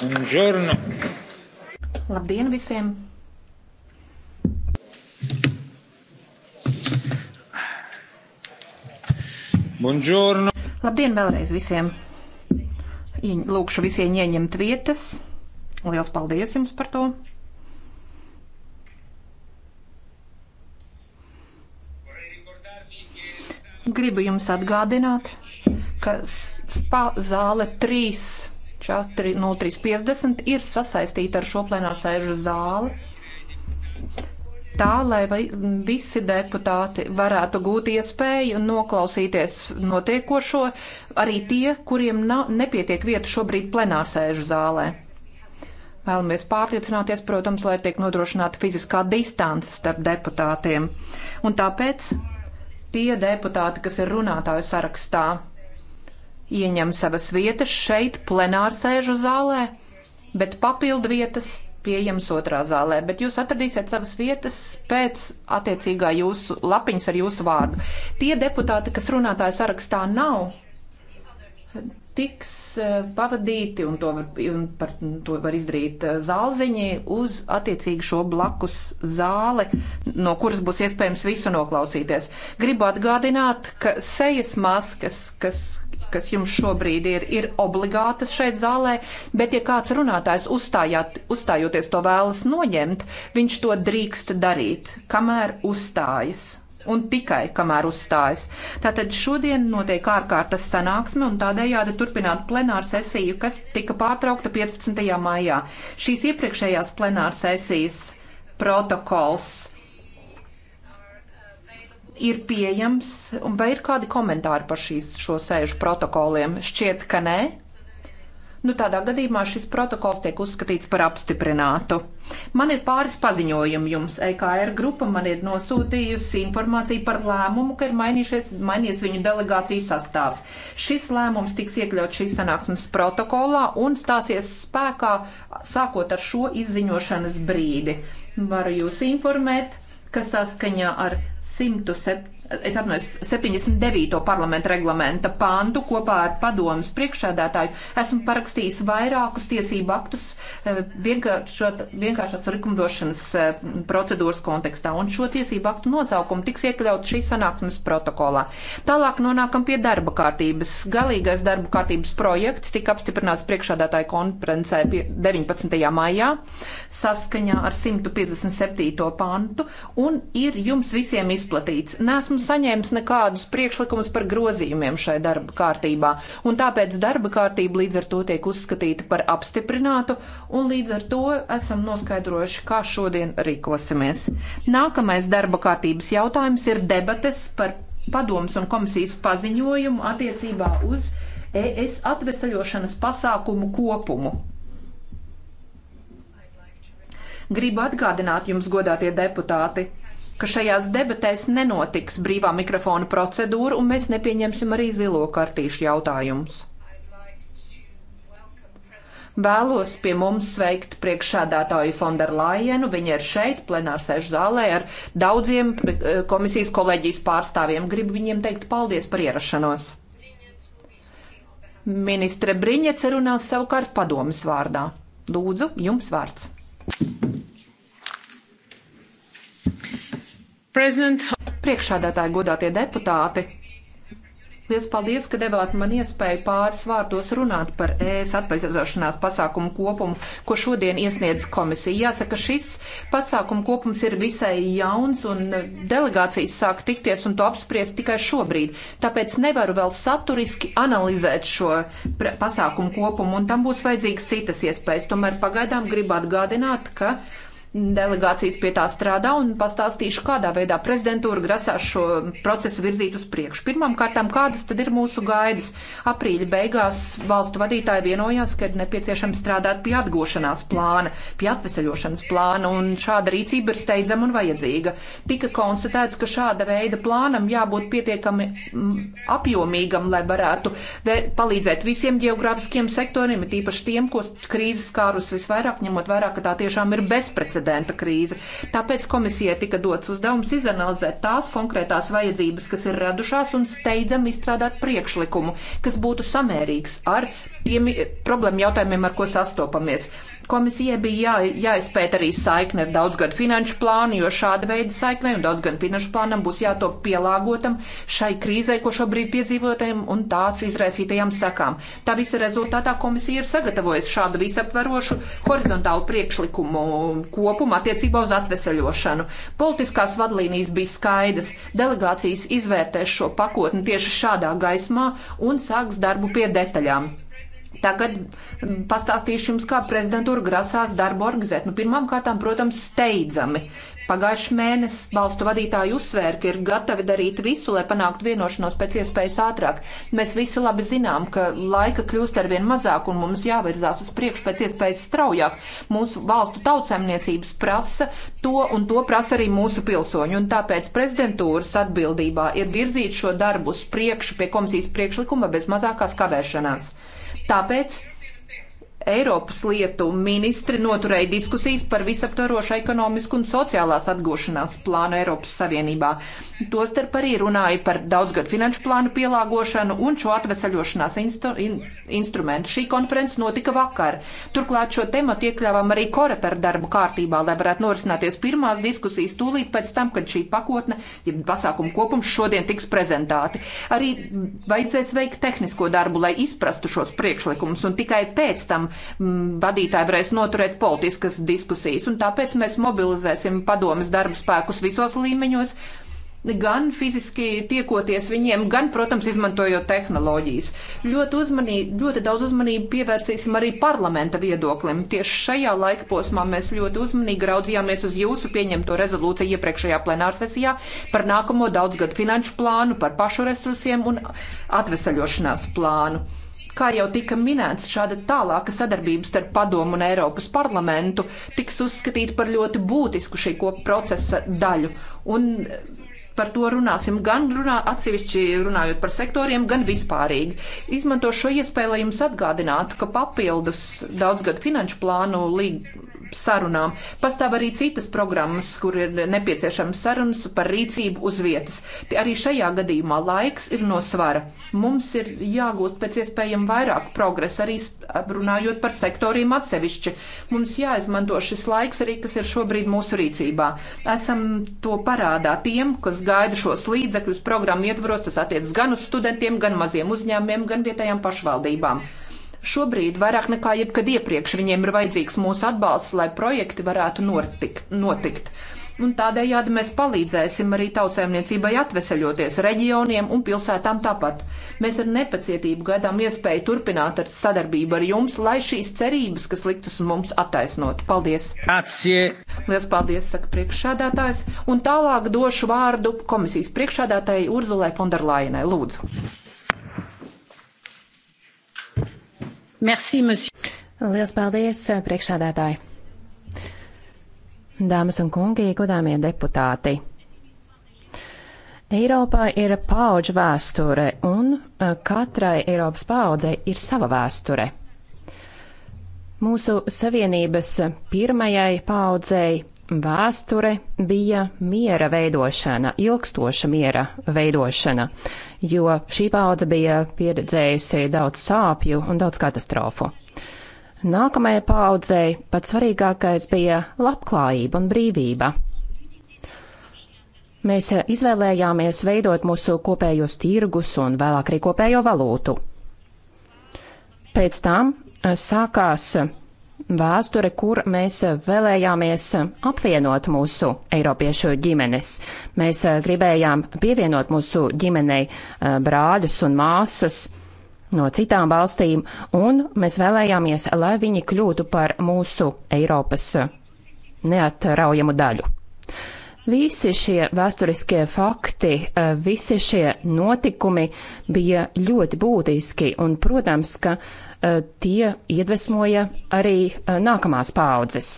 Buongiorno. Labdien visiem! Buongiorno. Labdien vēlreiz visiem! Lūkšu visiem ieņemt vietas. Liels paldies jums par to! Gribu jums atgādināt, ka zāle 3 4.03.50 nu, ir sasaistīta ar šo plenārsēžu zāli. Tā, lai visi deputāti varētu gūt iespēju noklausīties notiekošo, arī tie, kuriem nav, nepietiek vieta šobrīd plenārsēžu zālē. Vēlamies pārliecināties, protams, lai tiek nodrošināta fiziskā distance starp deputātiem. Un tāpēc tie deputāti, kas ir runātāju sarakstā, ieņem savas vietas šeit, plenārsēžu zālē, bet papildu vietas pieejamas otrā zālē, bet jūs atradīsiet savas vietas pēc attiecīgā jūsu lapiņas ar jūsu vārdu. Tie deputāti, kas runātāju sarakstā nav, tiks eh, pavadīti, un to var, un par, to var izdarīt eh, zālziņi, uz attiecīgi šo blakus zāli, no kuras būs iespējams visu noklausīties. Gribu atgādināt, ka sejas maskas, kas kas jums šobrīd ir, ir obligātas šeit zālē, bet ja kāds runātājs uzstājāt, uzstājoties to vēlas noņemt, viņš to drīkst darīt, kamēr uzstājas un tikai kamēr uzstājas. Tātad šodien notiek ārkārtas sanāksme un tādējādi turpināt plenāru sesiju, kas tika pārtraukta 15. maijā. Šīs iepriekšējās plenāru sesijas protokols ir pieejams, un vai ir kādi komentāri par šīs, šo sēžu protokoliem? Šķiet, ka nē. Nu, tādā gadījumā šis protokols tiek uzskatīts par apstiprinātu. Man ir pāris paziņojumi jums. EKR grupa man ir nosūtījusi informāciju par lēmumu, ka ir mainījies viņu delegācijas sastāvs. Šis lēmums tiks iekļauts šīs sanāksmes protokolā un stāsies spēkā sākot ar šo izziņošanas brīdi. Varu jūs informēt kas saskaņā ar 107 es atvainojos, 79. parlamenta reglamenta pāntu kopā ar padomus priekšsēdētāju esmu parakstījis vairākus tiesību aktus eh, vienkāršās likumdošanas eh, procedūras kontekstā, un šo tiesību aktu nosaukumu tiks iekļaut šīs sanāksmes protokolā. Tālāk nonākam pie darba kārtības. Galīgais darba kārtības projekts tika apstiprināts priekšsēdētāju konferencē 19. maijā saskaņā ar 157. pāntu un ir jums visiem izplatīts. Nesmu esmu saņēmis nekādus priekšlikumus par grozījumiem šai darba kārtībā, un tāpēc darba kārtība līdz ar to tiek uzskatīta par apstiprinātu, un līdz ar to esam noskaidrojuši, kā šodien rīkosimies. Nākamais darba kārtības jautājums ir debates par padomus un komisijas paziņojumu attiecībā uz ES atvesaļošanas pasākumu kopumu. Gribu atgādināt jums, godātie deputāti, ka šajās debatēs nenotiks brīvā mikrofona procedūra un mēs nepieņemsim arī zilo kartīšu jautājumus. Vēlos pie mums sveikt priekšsādātāju Fonderlajenu. Viņa ir šeit, plenārsēžu zālē, ar daudziem eh, komisijas kolēģijas pārstāvjiem. Gribu viņiem teikt paldies par ierašanos. Ministre Briņece runās savukārt padomas vārdā. Lūdzu, jums vārds. President... Priekšādātāji, godātie deputāti, liels paldies, ka devāt man iespēju pāris vārdos runāt par ES atveļošanās pasākumu kopumu, ko šodien iesniedz komisija. Jāsaka, šis pasākumu kopums ir visai jauns un delegācijas sāk tikties un to apspriest tikai šobrīd. Tāpēc nevaru vēl saturiski analizēt šo pasākumu kopumu un tam būs vajadzīgas citas iespējas. Tomēr pagaidām gribu atgādināt, ka delegācijas pie tā strādā un pastāstīšu, kādā veidā prezidentūra grasās šo procesu virzīt uz priekšu. Pirmkārt, kādas tad ir mūsu gaidas? Aprīļa beigās valstu vadītāji vienojās, ka ir nepieciešams strādāt pie atgošanās plāna, pie atveseļošanas plāna, un šāda rīcība ir steidzama un vajadzīga. Tika konstatēts, ka šāda veida plānam jābūt pietiekami mm, apjomīgam, lai varētu palīdzēt visiem geogrāfiskiem sektoriem, tīpaši tiem, ko krīzes kārus visvairāk, ņemot vairāk, ka tā tiešām ir bezprecedenta precedenta krīze. Tāpēc komisijai tika dots uzdevums izanalizēt tās konkrētās vajadzības, kas ir radušās, un steidzami izstrādāt priekšlikumu, kas būtu samērīgs ar tiem problēmu jautājumiem, ar ko sastopamies. Komisijai bija jā, jāizpēta arī saikne ar daudzgadu finanšu plānu, jo šāda veida saiknei un daudzgadu finanšu plānam būs jātop pielāgotam šai krīzai, ko šobrīd piedzīvotajam un tās izraisītajām sekām. Tā visa rezultātā komisija ir sagatavojusi šādu visaptverošu horizontālu priekšlikumu kopumu attiecībā uz atveseļošanu. Politiskās vadlīnijas bija skaidrs, delegācijas izvērtēs šo pakotni tieši šādā gaismā un sāks darbu pie detaļām. Tagad pastāstīšu jums, kā prezidentūra grasās darbu organizēt. Nu, Pirmkārt, protams, steidzami. Pagājušajā mēnesī valstu vadītāji uzsvēra, ka ir gatavi darīt visu, lai panāktu vienošanos pēc iespējas ātrāk. Mēs visi labi zinām, ka laika kļūst arvien mazāk un mums jāvirzās uz priekšu pēc iespējas straujāk. Mūsu valstu tautsēmniecības prasa to un to prasa arī mūsu pilsoņi. Un tāpēc prezidentūras atbildībā ir virzīt šo darbu uz priekšu pie komisijas priekšlikuma bez mazākās kavēšanās. Tāpēc Eiropas lietu ministri noturēja diskusijas par visaptvarošu ekonomisku un sociālās atgūšanās plānu Eiropas Savienībā. Tostarp arī runāja par daudzgadu finanšu plānu pielāgošanu un šo atvesaļošanās instru, in, instrumentu. Šī konference notika vakar. Turklāt šo tematu iekļāvām arī koreper darbu kārtībā, lai varētu norisināties pirmās diskusijas tūlīt pēc tam, kad šī pakotne, ja pasākumu kopums šodien tiks prezentēti. Arī vajadzēs veikt tehnisko darbu, lai izprastu šos priekšlikumus un tikai pēc tam tiešām vadītāji varēs noturēt politiskas diskusijas, un tāpēc mēs mobilizēsim padomas darba spēkus visos līmeņos gan fiziski tiekoties viņiem, gan, protams, izmantojot tehnoloģijas. Ļoti, uzmanību, ļoti daudz uzmanību pievērsīsim arī parlamenta viedoklim. Tieši šajā laika posmā mēs ļoti uzmanīgi raudzījāmies uz jūsu pieņemto rezolūciju iepriekšējā plenārsesijā par nākamo daudzgadu finanšu plānu, par pašu resursiem un atvesaļošanās plānu. Kā jau tika minēts, šāda tālāka sadarbība starp padomu un Eiropas parlamentu tiks uzskatīta par ļoti būtisku šī procesa daļu. Un eh, par to runāsim gan runā, atsevišķi runājot par sektoriem, gan vispārīgi. Izmanto šo iespēju, lai jums atgādinātu, ka papildus daudzgadu finanšu plānu līgu sarunām. Pastāv arī citas programmas, kur ir nepieciešams sarunas par rīcību uz vietas. Arī šajā gadījumā laiks ir no svara. Mums ir jāgūst pēc iespējami vairāk progresa, arī runājot par sektoriem atsevišķi. Mums jāizmanto šis laiks arī, kas ir šobrīd mūsu rīcībā. Esam to parādā tiem, kas gaida šos līdzekļus programmu ietvaros, tas attiecas gan uz studentiem, gan maziem uzņēmumiem, gan vietējām pašvaldībām. Šobrīd vairāk nekā jebkad iepriekš viņiem ir vajadzīgs mūsu atbalsts, lai projekti varētu notikt. notikt. Un tādējādi mēs palīdzēsim arī tautsēmniecībai atveseļoties reģioniem un pilsētām tāpat. Mēs ar nepacietību gaidām iespēju turpināt ar sadarbību ar jums, lai šīs cerības, kas liktas mums, attaisnot. Paldies! Atsie. Lielas paldies, saka priekšsādātājs, un tālāk došu vārdu komisijas priekšsādātājai Urzulai Fonderlainai. Lūdzu! Merci, monsieur. Lielas paldies, priekšādātāji. Dāmas un kungi, godāmie deputāti. Eiropā ir paudžu vēsture, un eh, katrai Eiropas paudzei ir sava vēsture. Mūsu savienības pirmajai paudzei vēsture bija miera veidošana, ilgstoša miera veidošana jo šī paudze bija pieredzējusi daudz sāpju un daudz katastrofu. Nākamajai paudzei pats svarīgākais bija labklājība un brīvība. Mēs izvēlējāmies veidot mūsu kopējos tirgus un vēlāk arī kopējo valūtu. Pēc tam sākās vēsture, kur mēs vēlējāmies apvienot mūsu Eiropiešu ģimenes. Mēs eh, gribējām pievienot mūsu ģimenei eh, brāļus un māsas no citām valstīm, un mēs vēlējāmies, lai viņi kļūtu par mūsu Eiropas eh, neatraujamu daļu. Visi šie vēsturiskie fakti, visi šie notikumi bija ļoti būtiski, un, protams, ka uh, Eh, tie iedvesmoja arī eh, nākamās paudzes.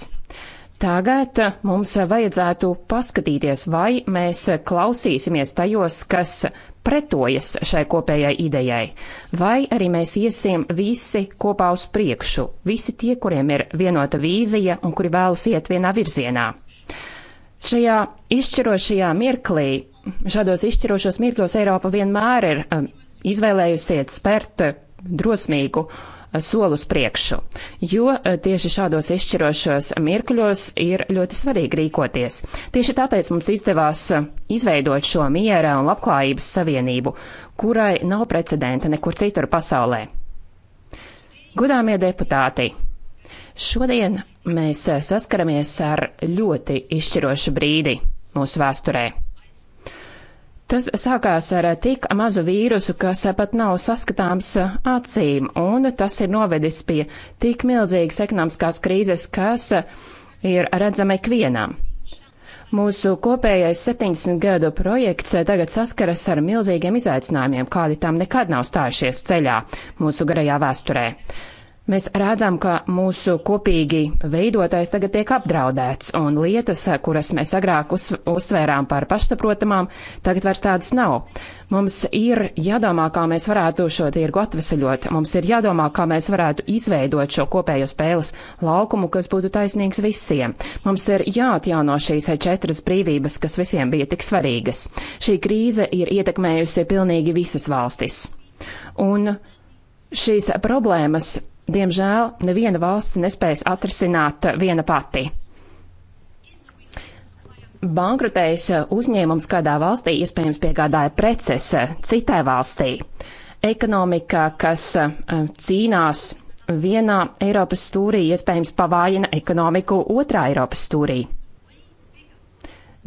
Tagad eh, mums vajadzētu paskatīties, vai mēs klausīsimies tajos, kas pretojas šai kopējai idejai, vai arī mēs iesim visi kopā uz priekšu, visi tie, kuriem ir vienota vīzija un kuri vēlas iet vienā virzienā. Šajā izšķirošajā mirklī, šādos izšķirošos mirkļos Eiropa vienmēr ir izvēlējusies spērt drosmīgu solus priekšu, jo eh, tieši šādos izšķirošos mirkļos ir ļoti svarīgi rīkoties. Tieši tāpēc mums izdevās eh, izveidot šo miera un labklājības savienību, kurai nav precedenta nekur citur pasaulē. Godāmie deputāti! Šodien mēs eh, saskaramies ar ļoti izšķirošu brīdi mūsu vēsturē. Tas sākās ar tik mazu vīrusu, kas pat nav saskatāms acīm, un tas ir novedis pie tik milzīgas ekonomiskās krīzes, kas ir redzama ikvienam. Mūsu kopējais 70 gadu projekts tagad saskaras ar milzīgiem izaicinājumiem, kādi tam nekad nav stājušies ceļā mūsu garajā vēsturē. Mēs redzam, ka mūsu kopīgi veidotais tagad tiek apdraudēts, un lietas, kuras mēs agrāk uz, uztvērām par pašsaprotamām, tagad vairs tādas nav. Mums ir jādomā, kā mēs varētu šo tirgu atvesaļot, mums ir jādomā, kā mēs varētu izveidot šo kopējo spēles laukumu, kas būtu taisnīgs visiem. Mums ir jāatjauno šīs četras brīvības, kas visiem bija tik svarīgas. Šī krīze ir ietekmējusi pilnīgi visas valstis. Un šīs problēmas diemžēl neviena valsts nespējas atrisināt viena pati. Bankrutējis uzņēmums kādā valstī iespējams piegādāja preces citai valstī. Ekonomika, kas eh, cīnās vienā Eiropas stūrī, iespējams pavājina ekonomiku otrā Eiropas stūrī.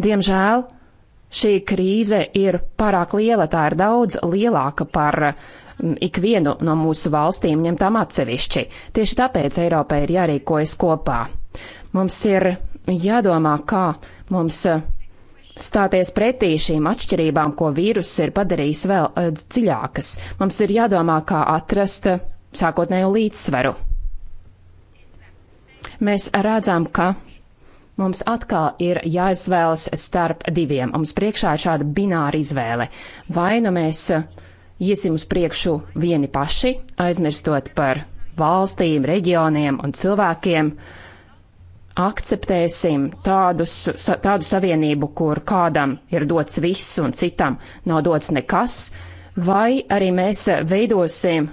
Diemžēl šī krīze ir pārāk liela, tā ir daudz lielāka par uh, ikvienu no mūsu valstīm ņemtām atsevišķi. Tieši tāpēc Eiropai ir jārīkojas kopā. Mums ir jādomā, kā mums eh, Stāties pretī šīm atšķirībām, ko vīruss ir padarījis vēl eh, dziļākas, mums ir jādomā, kā atrast eh, sākotnējo līdzsvaru. Mēs redzam, ka mums atkal ir jāizvēlas starp diviem. Mums priekšā ir šāda bināra izvēle. Vai nu mēs iesim uz priekšu vieni paši, aizmirstot par valstīm, reģioniem un cilvēkiem. Akceptēsim tādus, sa, tādu savienību, kur kādam ir dots viss un citam nav dots nekas, vai arī mēs veidosim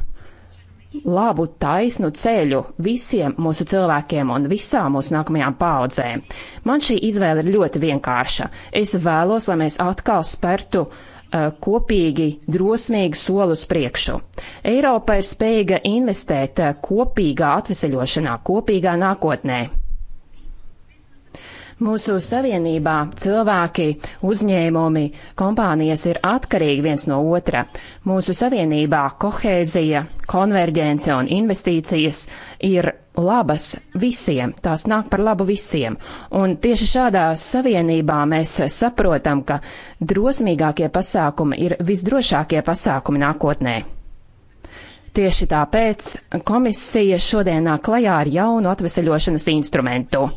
labu taisnu ceļu visiem mūsu cilvēkiem un visām mūsu nākamajām paudzēm. Man šī izvēle ir ļoti vienkārša. Es vēlos, lai mēs atkal spērtu uh, Eh, kopīgi drosmīgu soli uz priekšu. Eiropa ir spējīga investēt eh, kopīgā atveseļošanā, kopīgā nākotnē. Mūsu savienībā cilvēki, uzņēmumi, kompānijas ir atkarīgi viens no otra. Mūsu savienībā kohēzija, konverģence un investīcijas ir labas visiem, tās nāk par labu visiem. Un tieši šādā savienībā mēs saprotam, ka drosmīgākie pasākumi ir visdrošākie pasākumi nākotnē. Tieši tāpēc komisija šodien nāk klajā ar jaunu atveseļošanas instrumentu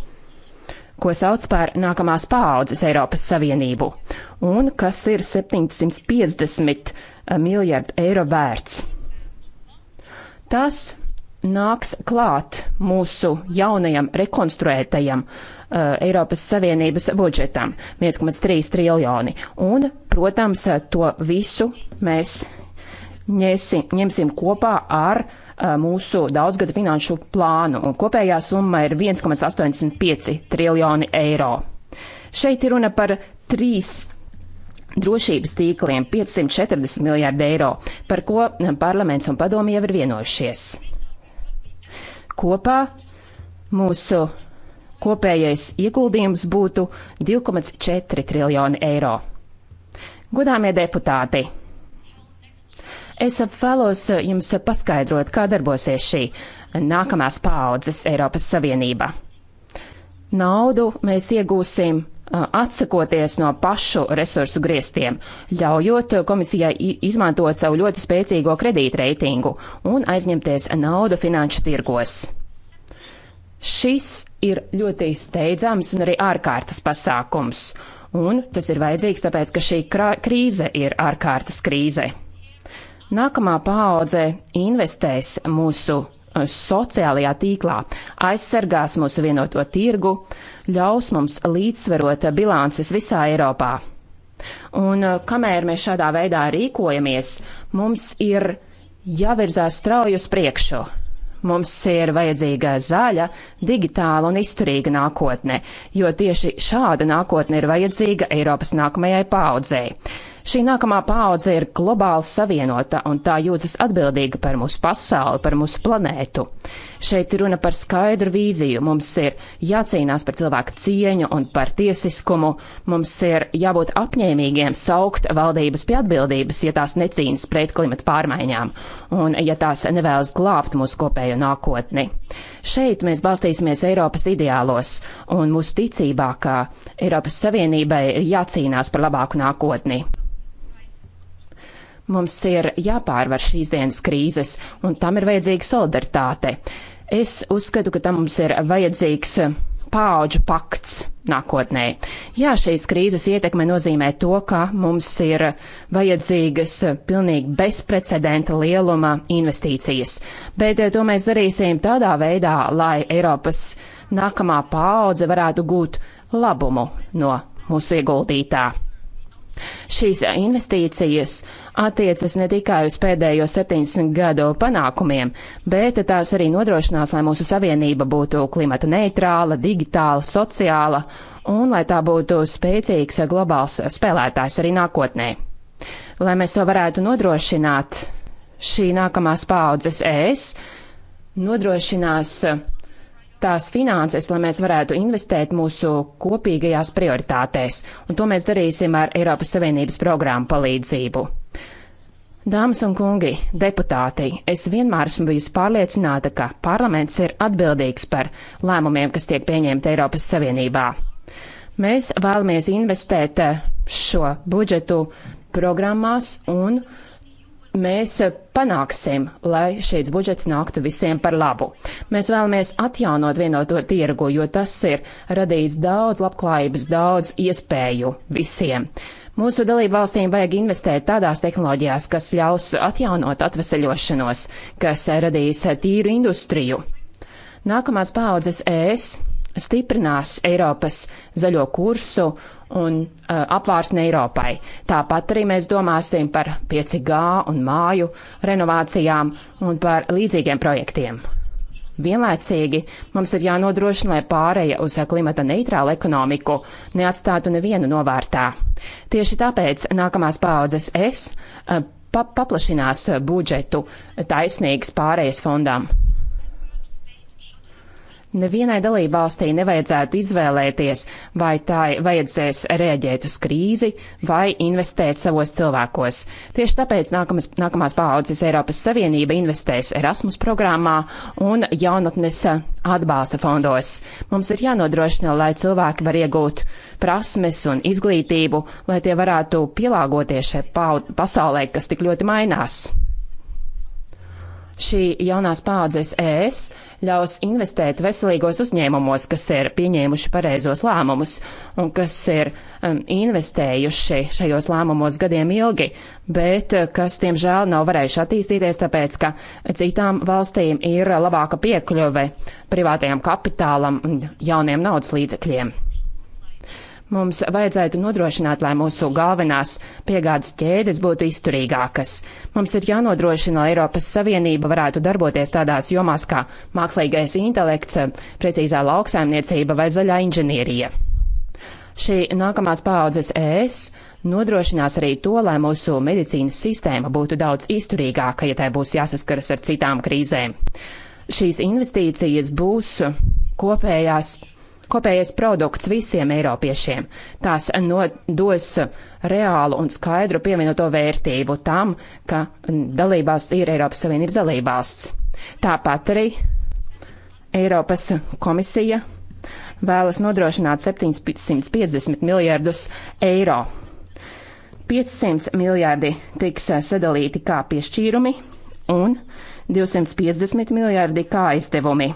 ko sauc par nākamās paaudzes Eiropas Savienību, un kas ir 750 eh, miljardu eiro vērts. Tas nāks klāt mūsu jaunajam rekonstruētajam uh, Eiropas Savienības budžetam - 1,3 triljoni. Un, protams, to visu mēs ņesi, ņemsim kopā ar uh, mūsu daudzgada finanšu plānu, un kopējā summa ir 1,85 triljoni eiro. Šeit ir runa par trīs drošības tīkliem 540 miljārdi eiro, par ko parlaments un padomi jau ir vienojušies. Kopā mūsu kopējais ieguldījums būtu 2,4 triljoni eiro. Godāmie deputāti! Es vēlos jums paskaidrot, kā darbosies šī nākamās paaudzes Eiropas Savienība. Naudu mēs iegūsim atsakoties no pašu resursu griestiem, ļaujot komisijai izmantot savu ļoti spēcīgo kredītreitingu un aizņemties naudu finanšu tirgos. Šis ir ļoti steidzams un arī ārkārtas pasākums, un tas ir vajadzīgs tāpēc, ka šī krīze ir ārkārtas krīze. Nākamā paudze investēs mūsu uh, sociālajā tīklā, aizsargās mūsu vienoto tirgu, ļaus mums līdzsvarot bilances visā Eiropā. Un uh, kamēr mēs šādā veidā rīkojamies, mums ir jāvirzās strauji uz priekšu. Mums ir vajadzīga zaļa, digitāla un izturīga nākotne, jo tieši šāda nākotne ir vajadzīga Eiropas nākamajai paudzei. Šī nākamā paudze ir globāli savienota un tā jūtas atbildīga par mūsu pasauli, par mūsu planētu. Šeit ir runa par skaidru vīziju. Mums ir jācīnās par cilvēku cieņu un par tiesiskumu. Mums ir jābūt apņēmīgiem saukt valdības pie atbildības, ja tās necīnas pret klimatu pārmaiņām un ja tās nevēlas glābt mūsu kopējo nākotni. Šeit mēs balstīsimies Eiropas ideālos un mūsu ticībā, ka Eiropas Savienībai ir jācīnās par labāku nākotni. Mums ir jāpārvar šīs dienas krīzes, un tam ir vajadzīga solidaritāte. Es uzskatu, ka tam mums ir vajadzīgs paauģu pakts nākotnē. Jā, šīs krīzes ietekme nozīmē to, ka mums ir vajadzīgas pilnīgi bezprecedenta lieluma investīcijas, bet eh, to mēs darīsim tādā veidā, lai Eiropas nākamā paudze varētu gūt labumu no mūsu ieguldītā. Šīs investīcijas attiecas ne tikai uz pēdējo 70 gadu panākumiem, bet tās arī nodrošinās, lai mūsu savienība būtu klimata neitrāla, digitāla, sociāla un lai tā būtu spēcīgs globāls spēlētājs arī nākotnē. Lai mēs to varētu nodrošināt, šī nākamās paudzes ēs nodrošinās tās finanses, lai mēs varētu investēt mūsu kopīgajās prioritātēs, un to mēs darīsim ar Eiropas Savienības programmu palīdzību. Dāmas un kungi, deputāti, es vienmēr esmu bijusi pārliecināta, ka parlaments ir atbildīgs par lēmumiem, kas tiek pieņemti Eiropas Savienībā. Mēs vēlamies investēt eh, šo budžetu programmās un uh, mēs panāksim, lai šīs budžets nāktu visiem par labu. Mēs vēlamies atjaunot vienoto tirgu, jo tas ir radījis daudz labklājības, daudz iespēju visiem. Mūsu dalību valstīm vajag investēt tādās tehnoloģijās, kas ļaus atjaunot atveseļošanos, kas radīs tīru industriju. Nākamās paudzes ES stiprinās Eiropas zaļo kursu un uh, apvārsni Eiropai. Tāpat arī mēs domāsim par 5G un māju renovācijām un par līdzīgiem projektiem. Vienlaicīgi mums ir jānodrošina, lai pāreja uz klimata neitrālu ekonomiku neatstātu nevienu novārtā. Tieši tāpēc nākamās paudzes es uh, pa paplašinās budžetu taisnīgas pārējas fondām. Nevienai dalībvalstī nevajadzētu izvēlēties, vai tā vajadzēs rēģēt uz krīzi vai investēt savos cilvēkos. Tieši tāpēc nākamas, nākamās paaudzes Eiropas Savienība investēs Erasmus programmā un jaunatnes atbalsta fondos. Mums ir jānodrošina, lai cilvēki var iegūt prasmes un izglītību, lai tie varētu pielāgoties šai pasaulē, kas tik ļoti mainās šī jaunās paudzes ES ļaus investēt veselīgos uzņēmumos, kas ir pieņēmuši pareizos lēmumus un kas ir um, investējuši šajos lēmumos gadiem ilgi, bet uh, kas, diemžēl, nav varējuši attīstīties, tāpēc, ka citām valstīm ir labāka piekļuve privātajam kapitālam un jauniem naudas līdzekļiem. Mums vajadzētu nodrošināt, lai mūsu galvenās piegādes ķēdes būtu izturīgākas. Mums ir jānodrošina, lai Eiropas Savienība varētu darboties tādās jomās kā mākslīgais intelekts, precīzā lauksaimniecība vai zaļā inženierija. Šī nākamās paaudzes ES nodrošinās arī to, lai mūsu medicīnas sistēma būtu daudz izturīgāka, ja tai būs jāsaskaras ar citām krīzēm. Šīs investīcijas būs kopējās kopējais produkts visiem eiropiešiem. Tās no, dos reālu un skaidru pievienoto vērtību tam, ka dalībās ir Eiropas Savienības dalībvalsts. Tāpat arī Eiropas komisija vēlas nodrošināt 750 miljardus eiro. 500 miljardi tiks sadalīti kā piešķīrumi un 250 miljardi kā izdevumi,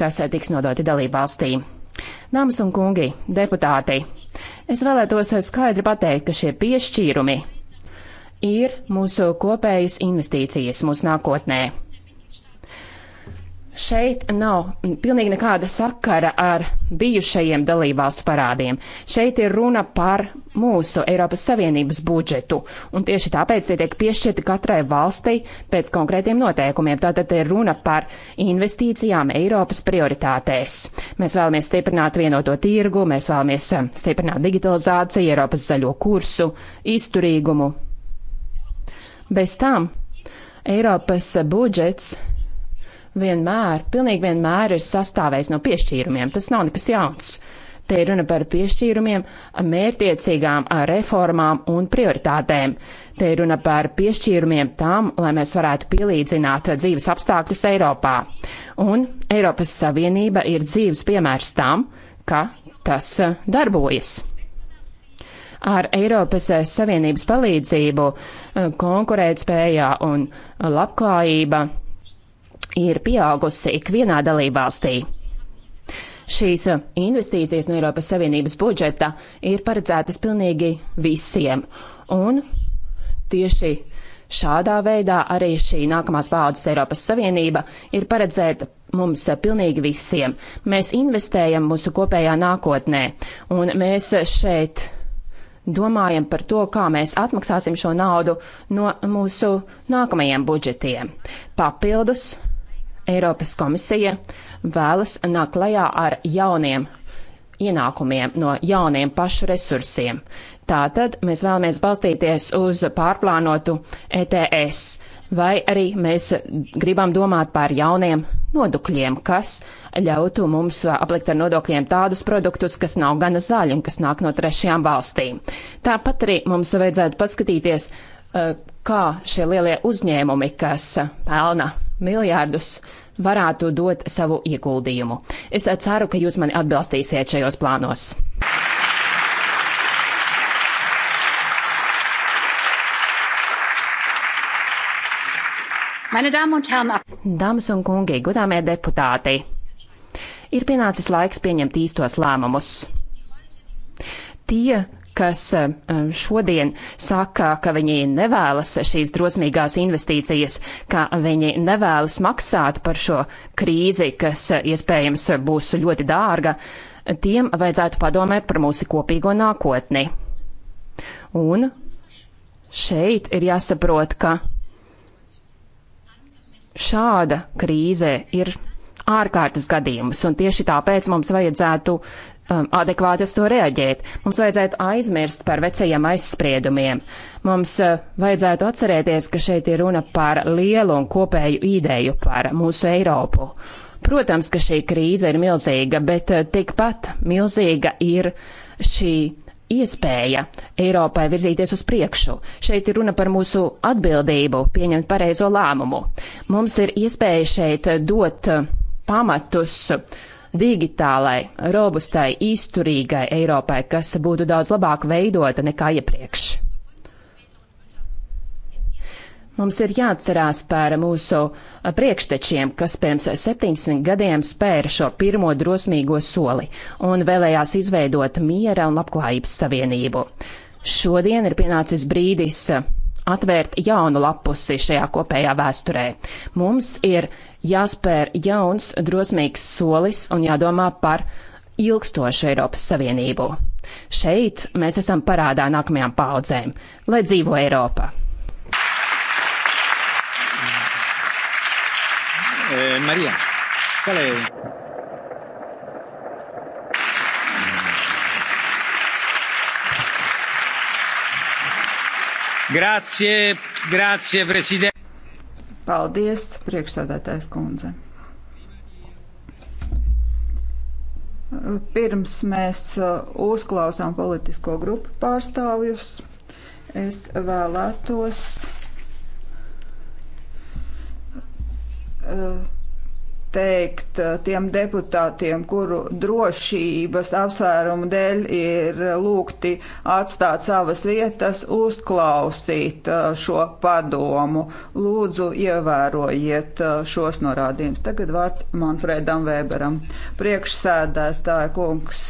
kas tiks nodoti dalībvalstīm. Dāmas un kungi, deputāti, es vēlētos skaidri pateikt, ka šie piešķīrumi ir mūsu kopējas investīcijas mūsu nākotnē. Šeit nav pilnīgi nekāda sakara ar bijušajiem dalībvalstu parādiem. Šeit ir runa par mūsu Eiropas Savienības budžetu, un tieši tāpēc tie tiek piešķirti katrai valstī pēc konkrētiem noteikumiem. Tātad ir runa par investīcijām Eiropas prioritātēs. Mēs vēlamies stiprināt vienoto tirgu, mēs vēlamies um, stiprināt digitalizāciju, Eiropas zaļo kursu, izturīgumu. Bez tam Eiropas budžets vienmēr, pilnīgi vienmēr ir sastāvējis no piešķīrumiem. Tas nav nekas jauns. Te ir runa par piešķīrumiem, mērķiecīgām reformām un prioritātēm. Te ir runa par piešķīrumiem tam, lai mēs varētu pielīdzināt dzīves apstākļus Eiropā. Un Eiropas Savienība ir dzīves piemērs tam, ka tas darbojas. Ar Eiropas Savienības palīdzību konkurētspējā un labklājība ir pieaugusi ikvienā dalībvalstī. Šīs investīcijas no Eiropas Savienības budžeta ir paredzētas pilnīgi visiem, un tieši Šādā veidā arī šī nākamās paudzes Eiropas Savienība ir paredzēta mums pilnīgi visiem. Mēs investējam mūsu kopējā nākotnē, un mēs šeit domājam par to, kā mēs atmaksāsim šo naudu no mūsu nākamajiem budžetiem. Papildus Eiropas komisija vēlas nākt klajā ar jauniem ienākumiem no jauniem pašu resursiem. Tātad mēs vēlamies balstīties uz pārplānotu ETS, vai arī mēs gribam domāt par jauniem nodokļiem, kas ļautu mums aplikt ar nodokļiem tādus produktus, kas nav gana zaļi un kas nāk no trešajām valstīm. Tāpat arī mums vajadzētu paskatīties, eh, kā šie lielie uzņēmumi, kas pelna miljārdus, uh, varētu dot savu ieguldījumu. Es ceru, ka jūs mani atbalstīsiet šajos plānos. Dāmas un kungi, godāmie deputāti, ir pienācis laiks pieņemt īstos lēmumus. Tie, kas eh, šodien saka, ka viņi nevēlas šīs drosmīgās investīcijas, ka viņi nevēlas maksāt par šo krīzi, kas eh, iespējams būs ļoti dārga, tiem vajadzētu padomēt par mūsu kopīgo nākotni. Un šeit ir jāsaprot, ka šāda krīze ir ārkārtas gadījums, un tieši tāpēc mums vajadzētu um, adekvāti uz to reaģēt. Mums vajadzētu aizmirst par vecajiem aizspriedumiem. Mums uh, vajadzētu atcerēties, ka šeit ir runa par lielu un kopēju ideju par mūsu Eiropu. Protams, ka šī krīze ir milzīga, bet uh, tikpat milzīga ir šī iespēja Eiropai virzīties uz priekšu. Šeit ir runa par mūsu atbildību pieņemt pareizo lēmumu. Mums ir iespēja šeit dot uh, pamatus digitālai, robustai, izturīgai Eiropai, kas būtu daudz labāk veidota nekā iepriekš. Mums ir jāatcerās par mūsu priekštečiem, kas pirms 700 gadiem spēra šo pirmo drosmīgo soli un vēlējās izveidot miera un labklājības savienību. Šodien ir pienācis brīdis atvērt jaunu lapusi šajā kopējā vēsturē. Mums ir jāspēr jauns, drosmīgs solis un jādomā par ilgstošu Eiropas Savienību. Šeit mēs esam parādā nākamajām paudzēm, lai dzīvo Eiropa. Eh, María, ¿cuál es? Grazie, grazie Presidente. Paldies, priekšsēdētājs kundze. Pirms mēs uh, uzklausām politisko grupu pārstāvjus, es vēlētos. Uh, teikt eh, tiem deputātiem, kuru drošības apsvērumu dēļ ir lūgti atstāt savas vietas, uzklausīt eh, šo padomu. Lūdzu, ievērojiet eh, šos norādījumus. Tagad vārds Manfredam Weberam. Priekšsēdētāja kungs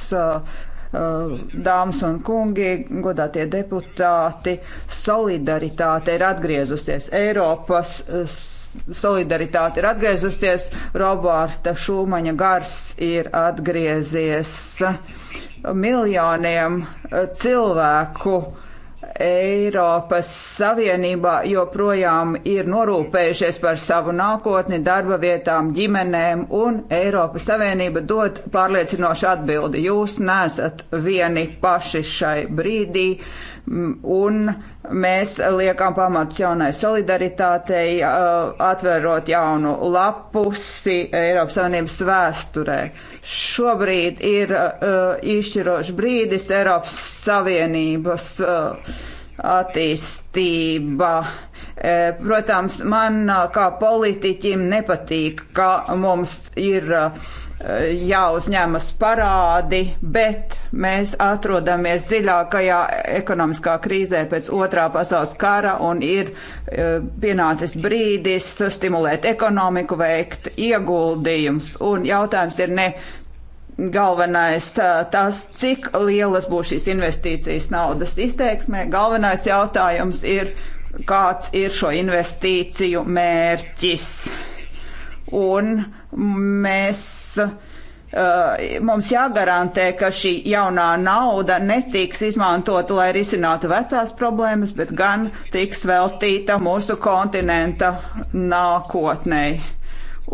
dāmas un kungi, godātie deputāti, solidaritāte ir atgriezusies Eiropas solidaritāte ir atgriezusies, Roberta Šūmaņa gars ir atgriezies miljoniem eh, cilvēku. Eiropas Savienībā joprojām ir norūpējušies par savu nākotni, darba vietām, ģimenēm, un Eiropas Savienība dod pārliecinošu atbildi. Jūs nesat vieni paši šai brīdī, un mēs liekam pamatus jaunai solidaritātei, uh, atverot jaunu lapusi Eiropas Savienības vēsturē. Šobrīd ir uh, izšķirošs brīdis Eiropas Savienības uh, attīstība. Protams, man kā politiķim nepatīk, ka mums ir uh, jāuzņemas parādi, bet mēs atrodamies dziļākajā ekonomiskā krīzē pēc otrā pasaules kara un ir e, pienācis brīdis stimulēt ekonomiku, veikt ieguldījums. Un jautājums ir ne galvenais e, tas, cik lielas būs šīs investīcijas naudas izteiksmē. Galvenais jautājums ir, kāds ir šo investīciju mērķis un mēs eh, mums jāgarantē, ka šī jaunā nauda netiks izmantota, lai risinātu vecās problēmas, bet gan tiks veltīta mūsu kontinenta nākotnei.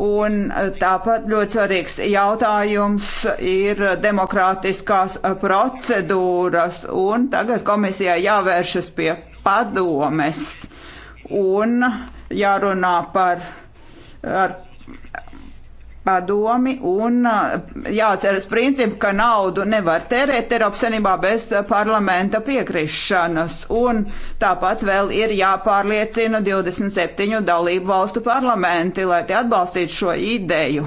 Un eh, tāpat ļoti svarīgs jautājums ir demokrātiskās procedūras, un tagad komisijai jāvēršas pie padomes un eh, jārunā par ar padomi un jāceras principu, ka naudu nevar tērēt Eiropas Savienībā bez parlamenta piekrišanas. Un tāpat vēl ir jāpārliecina 27 dalību valstu parlamenti, lai tie atbalstītu šo ideju.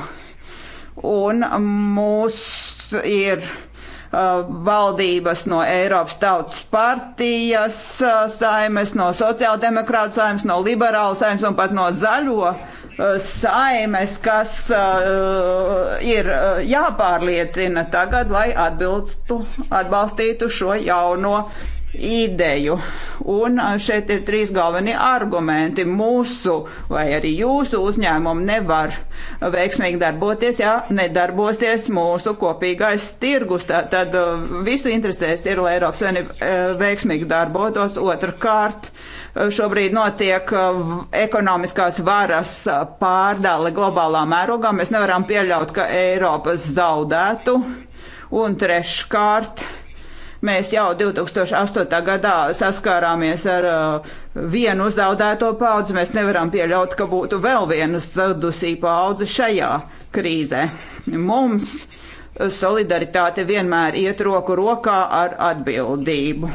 Un mūs ir Uh, valdības no Eiropas Tautas partijas uh, saimes, no sociāldemokrāta saimes, no liberāla saimes un pat no zaļo uh, saimes, kas ir jāpārliecina tagad, lai atbilstu, atbalstītu šo jauno ideju. Un uh, šeit ir trīs galvenie argumenti. Mūsu vai arī jūsu uzņēmumu nevar veiksmīgi darboties, ja nedarbosies mūsu kopīgais tirgus. Tad, tad uh, visu interesēs ir, lai Eiropas Savienība uh, veiksmīgi darbotos. Otrakārt, šobrīd notiek ekonomiskās varas pārdale globālā mērogā. Mēs nevaram pieļaut, ka Eiropas zaudētu. Un treškārt, uh, Mēs jau 2008. gadā saskārāmies ar uh, vienu zaudēto paudzi. Mēs nevaram pieļaut, ka būtu vēl viena zaudusī paudze šajā krīzē. Mums solidaritāte vienmēr iet roku rokā ar atbildību.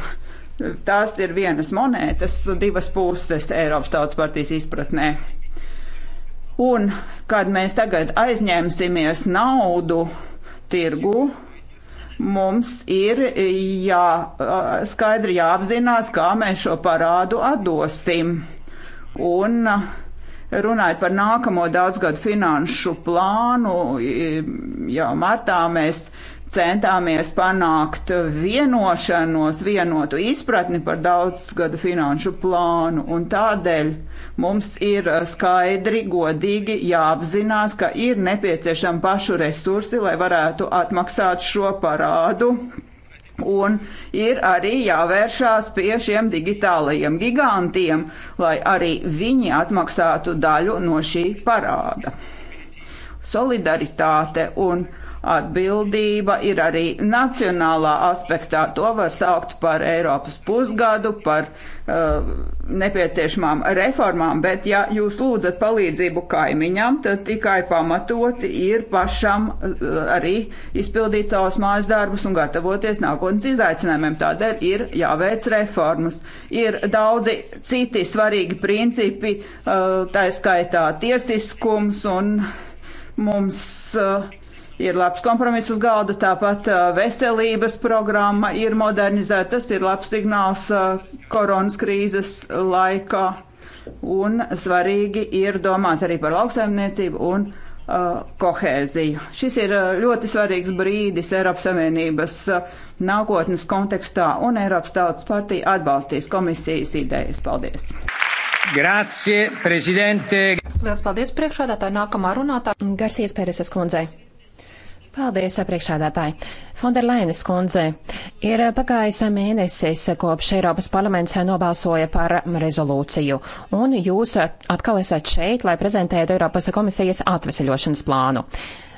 Tās ir vienas monētas, divas puses Eiropas Tautas partijas izpratnē. Un, kad mēs tagad aizņemsimies naudu tirgu, mums ir jā, skaidri jāapzinās, kā mēs šo parādu atdosim. Un runājot par nākamo daudzgadu finanšu plānu, jau martā mēs centāmies panākt vienošanos, vienotu izpratni par daudzgadu finanšu plānu, un tādēļ mums ir eh, skaidri, godīgi jāapzinās, ka ir nepieciešami pašu resursi, lai varētu atmaksāt šo parādu. Un ir arī jāvēršās pie šiem digitālajiem gigantiem, lai arī viņi atmaksātu daļu no šī parāda. Solidaritāte un uh, atbildība, ir arī nacionālā aspektā. To var saukt par Eiropas pusgadu, par uh, nepieciešamām reformām, bet ja jūs lūdzat palīdzību kaimiņam, tad tikai pamatoti ir pašam uh, arī izpildīt savus mājas darbus un gatavoties nākotnes izaicinājumiem. Tādēļ ir jāveic reformas. Ir daudzi citi svarīgi principi, uh, tā skaitā tiesiskums un mums. Uh, ir labs kompromiss uz galda, tāpat uh, veselības programma ir modernizēta. Tas ir labs signāls uh, koronas krīzes laikā. Un svarīgi ir domāt arī par lauksaimniecību un uh, kohēziju. Šis ir uh, ļoti svarīgs brīdis Eiropas Savienības nākotnes kontekstā, un Eiropas Tautas partija atbalstīs komisijas idejas. Paldies! Grazie, prezidente! Lielas paldies priekšādātāji nākamā runātā Garsies Pēreses kundzei! Paldies, priekšādātāji! Fonderlainas kundze, ir pagājis mēnesis, kopš Eiropas parlaments nobalsoja par rezolūciju, un jūs atkal esat šeit, lai prezentētu Eiropas komisijas atveseļošanas plānu.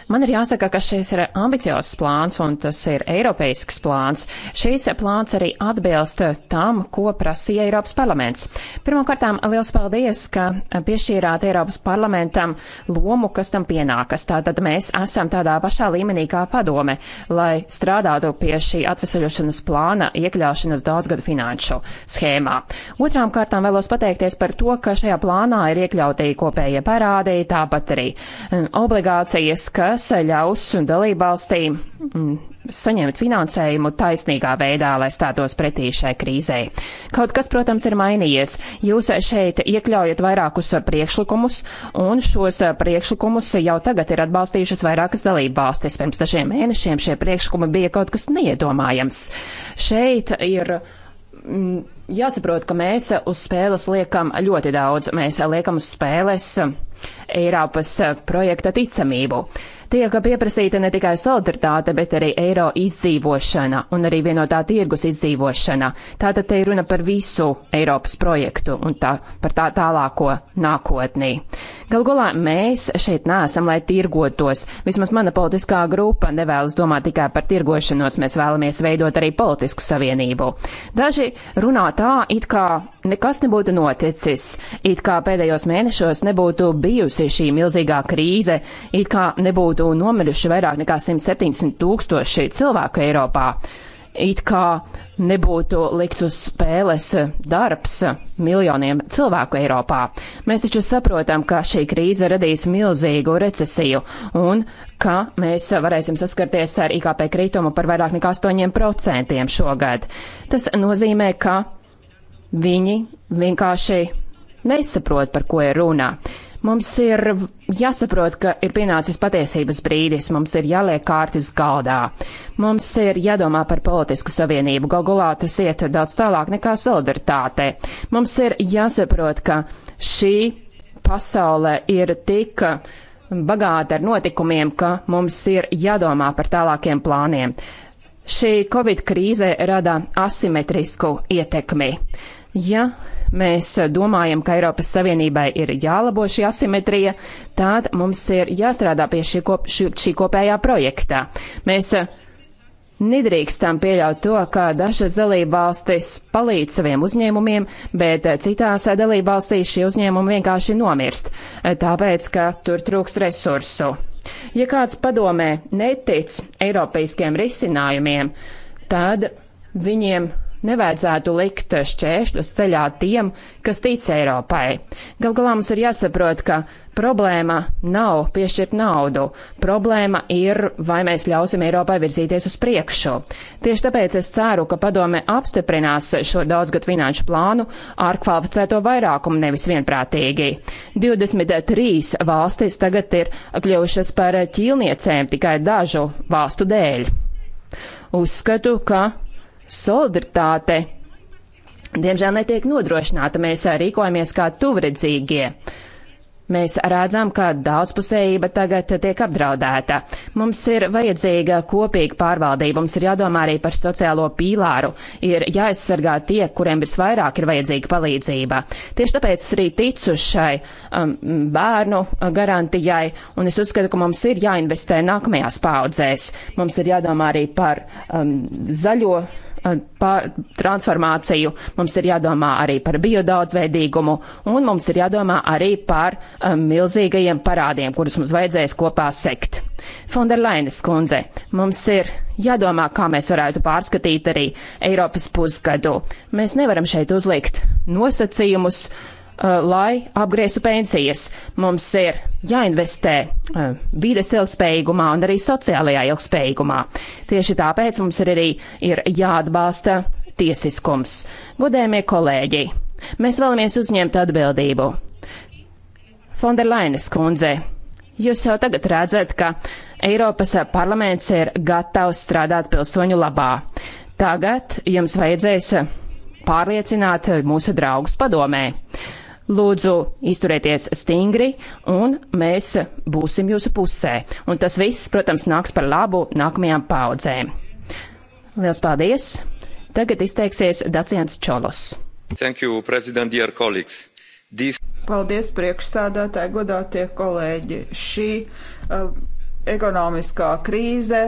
Man ir jāsaka, ka šis ir ambiciozs plāns un tas ir eiropeisks plāns. Šīs plāns arī atbilst tam, ko prasīja Eiropas parlaments. Pirmkārtām, liels paldies, ka piešķīrāt Eiropas parlamentam lomu, kas tam pienākas. Tātad mēs esam tādā pašā līmenī kā padome, lai strādātu pie šī atvesaļošanas plāna iekļaušanas daudzgadu finanšu schēmā. Otrām kārtām vēlos pateikties par to, ka šajā plānā ir iekļauti kopējie parādi, tāpat arī mm, obligācijas, kas Tas ļaus dalībvalstīm mm, saņemt finansējumu taisnīgā veidā, lai stātos pretī šai krīzē. Kaut kas, protams, ir mainījies. Jūs šeit iekļaujat vairākus priekšlikumus, un šos priekšlikumus jau tagad ir atbalstījušas vairākas dalībvalstis. Pirms dažiem mēnešiem šie priekšlikumi bija kaut kas neiedomājams. Šeit ir mm, jāsaprot, ka mēs uz spēles liekam ļoti daudz. Mēs liekam uz spēles Eiropas projekta ticamību. Tiek pieprasīta ne tikai solidaritāte, bet arī eiro izdzīvošana un arī vienotā tirgus izdzīvošana. Tātad te ir runa par visu Eiropas projektu un tā, par tā tālāko nākotnī. Galgulā mēs šeit neesam, lai tirgotos. Vismaz mana politiskā grupa nevēlas domāt tikai par tirgošanos, mēs vēlamies veidot arī politisku savienību. Daži runā tā, it kā nekas nebūtu noticis, it kā pēdējos mēnešos nebūtu bijusi šī milzīgā krīze, it kā nebūtu būtu nomiruši vairāk nekā 170 tūkstoši cilvēku Eiropā. It kā nebūtu likts uz spēles darbs miljoniem cilvēku Eiropā. Mēs taču saprotam, ka šī krīze radīs milzīgu recesiju un ka mēs varēsim saskarties ar IKP krītumu par vairāk nekā 8% šogad. Tas nozīmē, ka viņi vienkārši nesaprot, par ko ir runa. Mums ir jāsaprot, ka ir pienācis patiesības brīdis, mums ir jāliek kārtas galdā. Mums ir jādomā par politisku savienību, galgulā tas iet daudz tālāk nekā solidaritāte. Mums ir jāsaprot, ka šī pasaule ir tik bagāta ar notikumiem, ka mums ir jādomā par tālākiem plāniem. Šī Covid krīze rada asimetrisku ietekmi. Ja mēs domājam, ka Eiropas Savienībai ir jālabo šī asimetrija, tad mums ir jāstrādā pie šī, kop, šī, šī kopējā projektā. Mēs eh, nedrīkstam pieļaut to, ka dažas dalībvalstis palīdz saviem uzņēmumiem, bet eh, citās dalībvalstīs šie uzņēmumi vienkārši nomirst, eh, tāpēc, ka tur trūks resursu. Ja kāds padomē netic Eiropijskiem risinājumiem, tad viņiem Nevajadzētu likt šķēršļus ceļā tiem, kas tic Eiropai. Gal galā mums ir jāsaprot, ka problēma nav piešķirt naudu. Problēma ir, vai mēs ļausim Eiropai virzīties uz priekšu. Tieši tāpēc es ceru, ka padome apstiprinās šo daudzgadu finanšu plānu ar kvalificēto vairākumu nevis vienprātīgi. 23 valstis tagad ir kļuvušas par ķīlniecēm tikai dažu valstu dēļ. Uzskatu, ka solidaritāte, diemžēl, netiek nodrošināta. Mēs eh, rīkojamies kā tuvredzīgie. Mēs redzam, ka daudzpusējība tagad tiek apdraudēta. Mums ir vajadzīga kopīga pārvaldība, mums ir jādomā arī par sociālo pīlāru, ir jāaizsargā tie, kuriem visvairāk ir vajadzīga palīdzība. Tieši tāpēc es arī ticu šai um, bērnu garantijai, un es uzskatu, ka mums ir jāinvestē nākamajās paudzēs. Mums ir jādomā arī par um, zaļo Eh, pār, transformāciju, mums ir jādomā arī par biodaudzveidīgumu, un mums ir jādomā arī par um, milzīgajiem parādiem, kurus mums vajadzēs kopā sekt. Fonderlainas kundze, mums ir jādomā, kā mēs varētu pārskatīt arī Eiropas pusgadu. Mēs nevaram šeit uzlikt nosacījumus, uh, Uh, lai apgriezu pensijas. Mums ir jāinvestē uh, vides ilgspējīgumā un arī sociālajā ilgspējīgumā. Tieši tāpēc mums ir arī ir jāatbalsta tiesiskums. Godējumie kolēģi, mēs vēlamies uzņemt atbildību. Fonderlainas kundze, jūs jau tagad redzat, ka Eiropas parlaments ir gatavs strādāt pilsoņu labā. Tagad jums vajadzēs pārliecināt mūsu draugus padomē. Lūdzu, izturieties stingri, un mēs būsim jūsu pusē. Un tas viss, protams, nāks par labu nākamajām paudzēm. Lielas paldies! Tagad izteiksies Dacians Čolos. Thank you, President, dear colleagues. This... Paldies, priekšsādātāji, godātie kolēģi. Šī uh, ekonomiskā krīze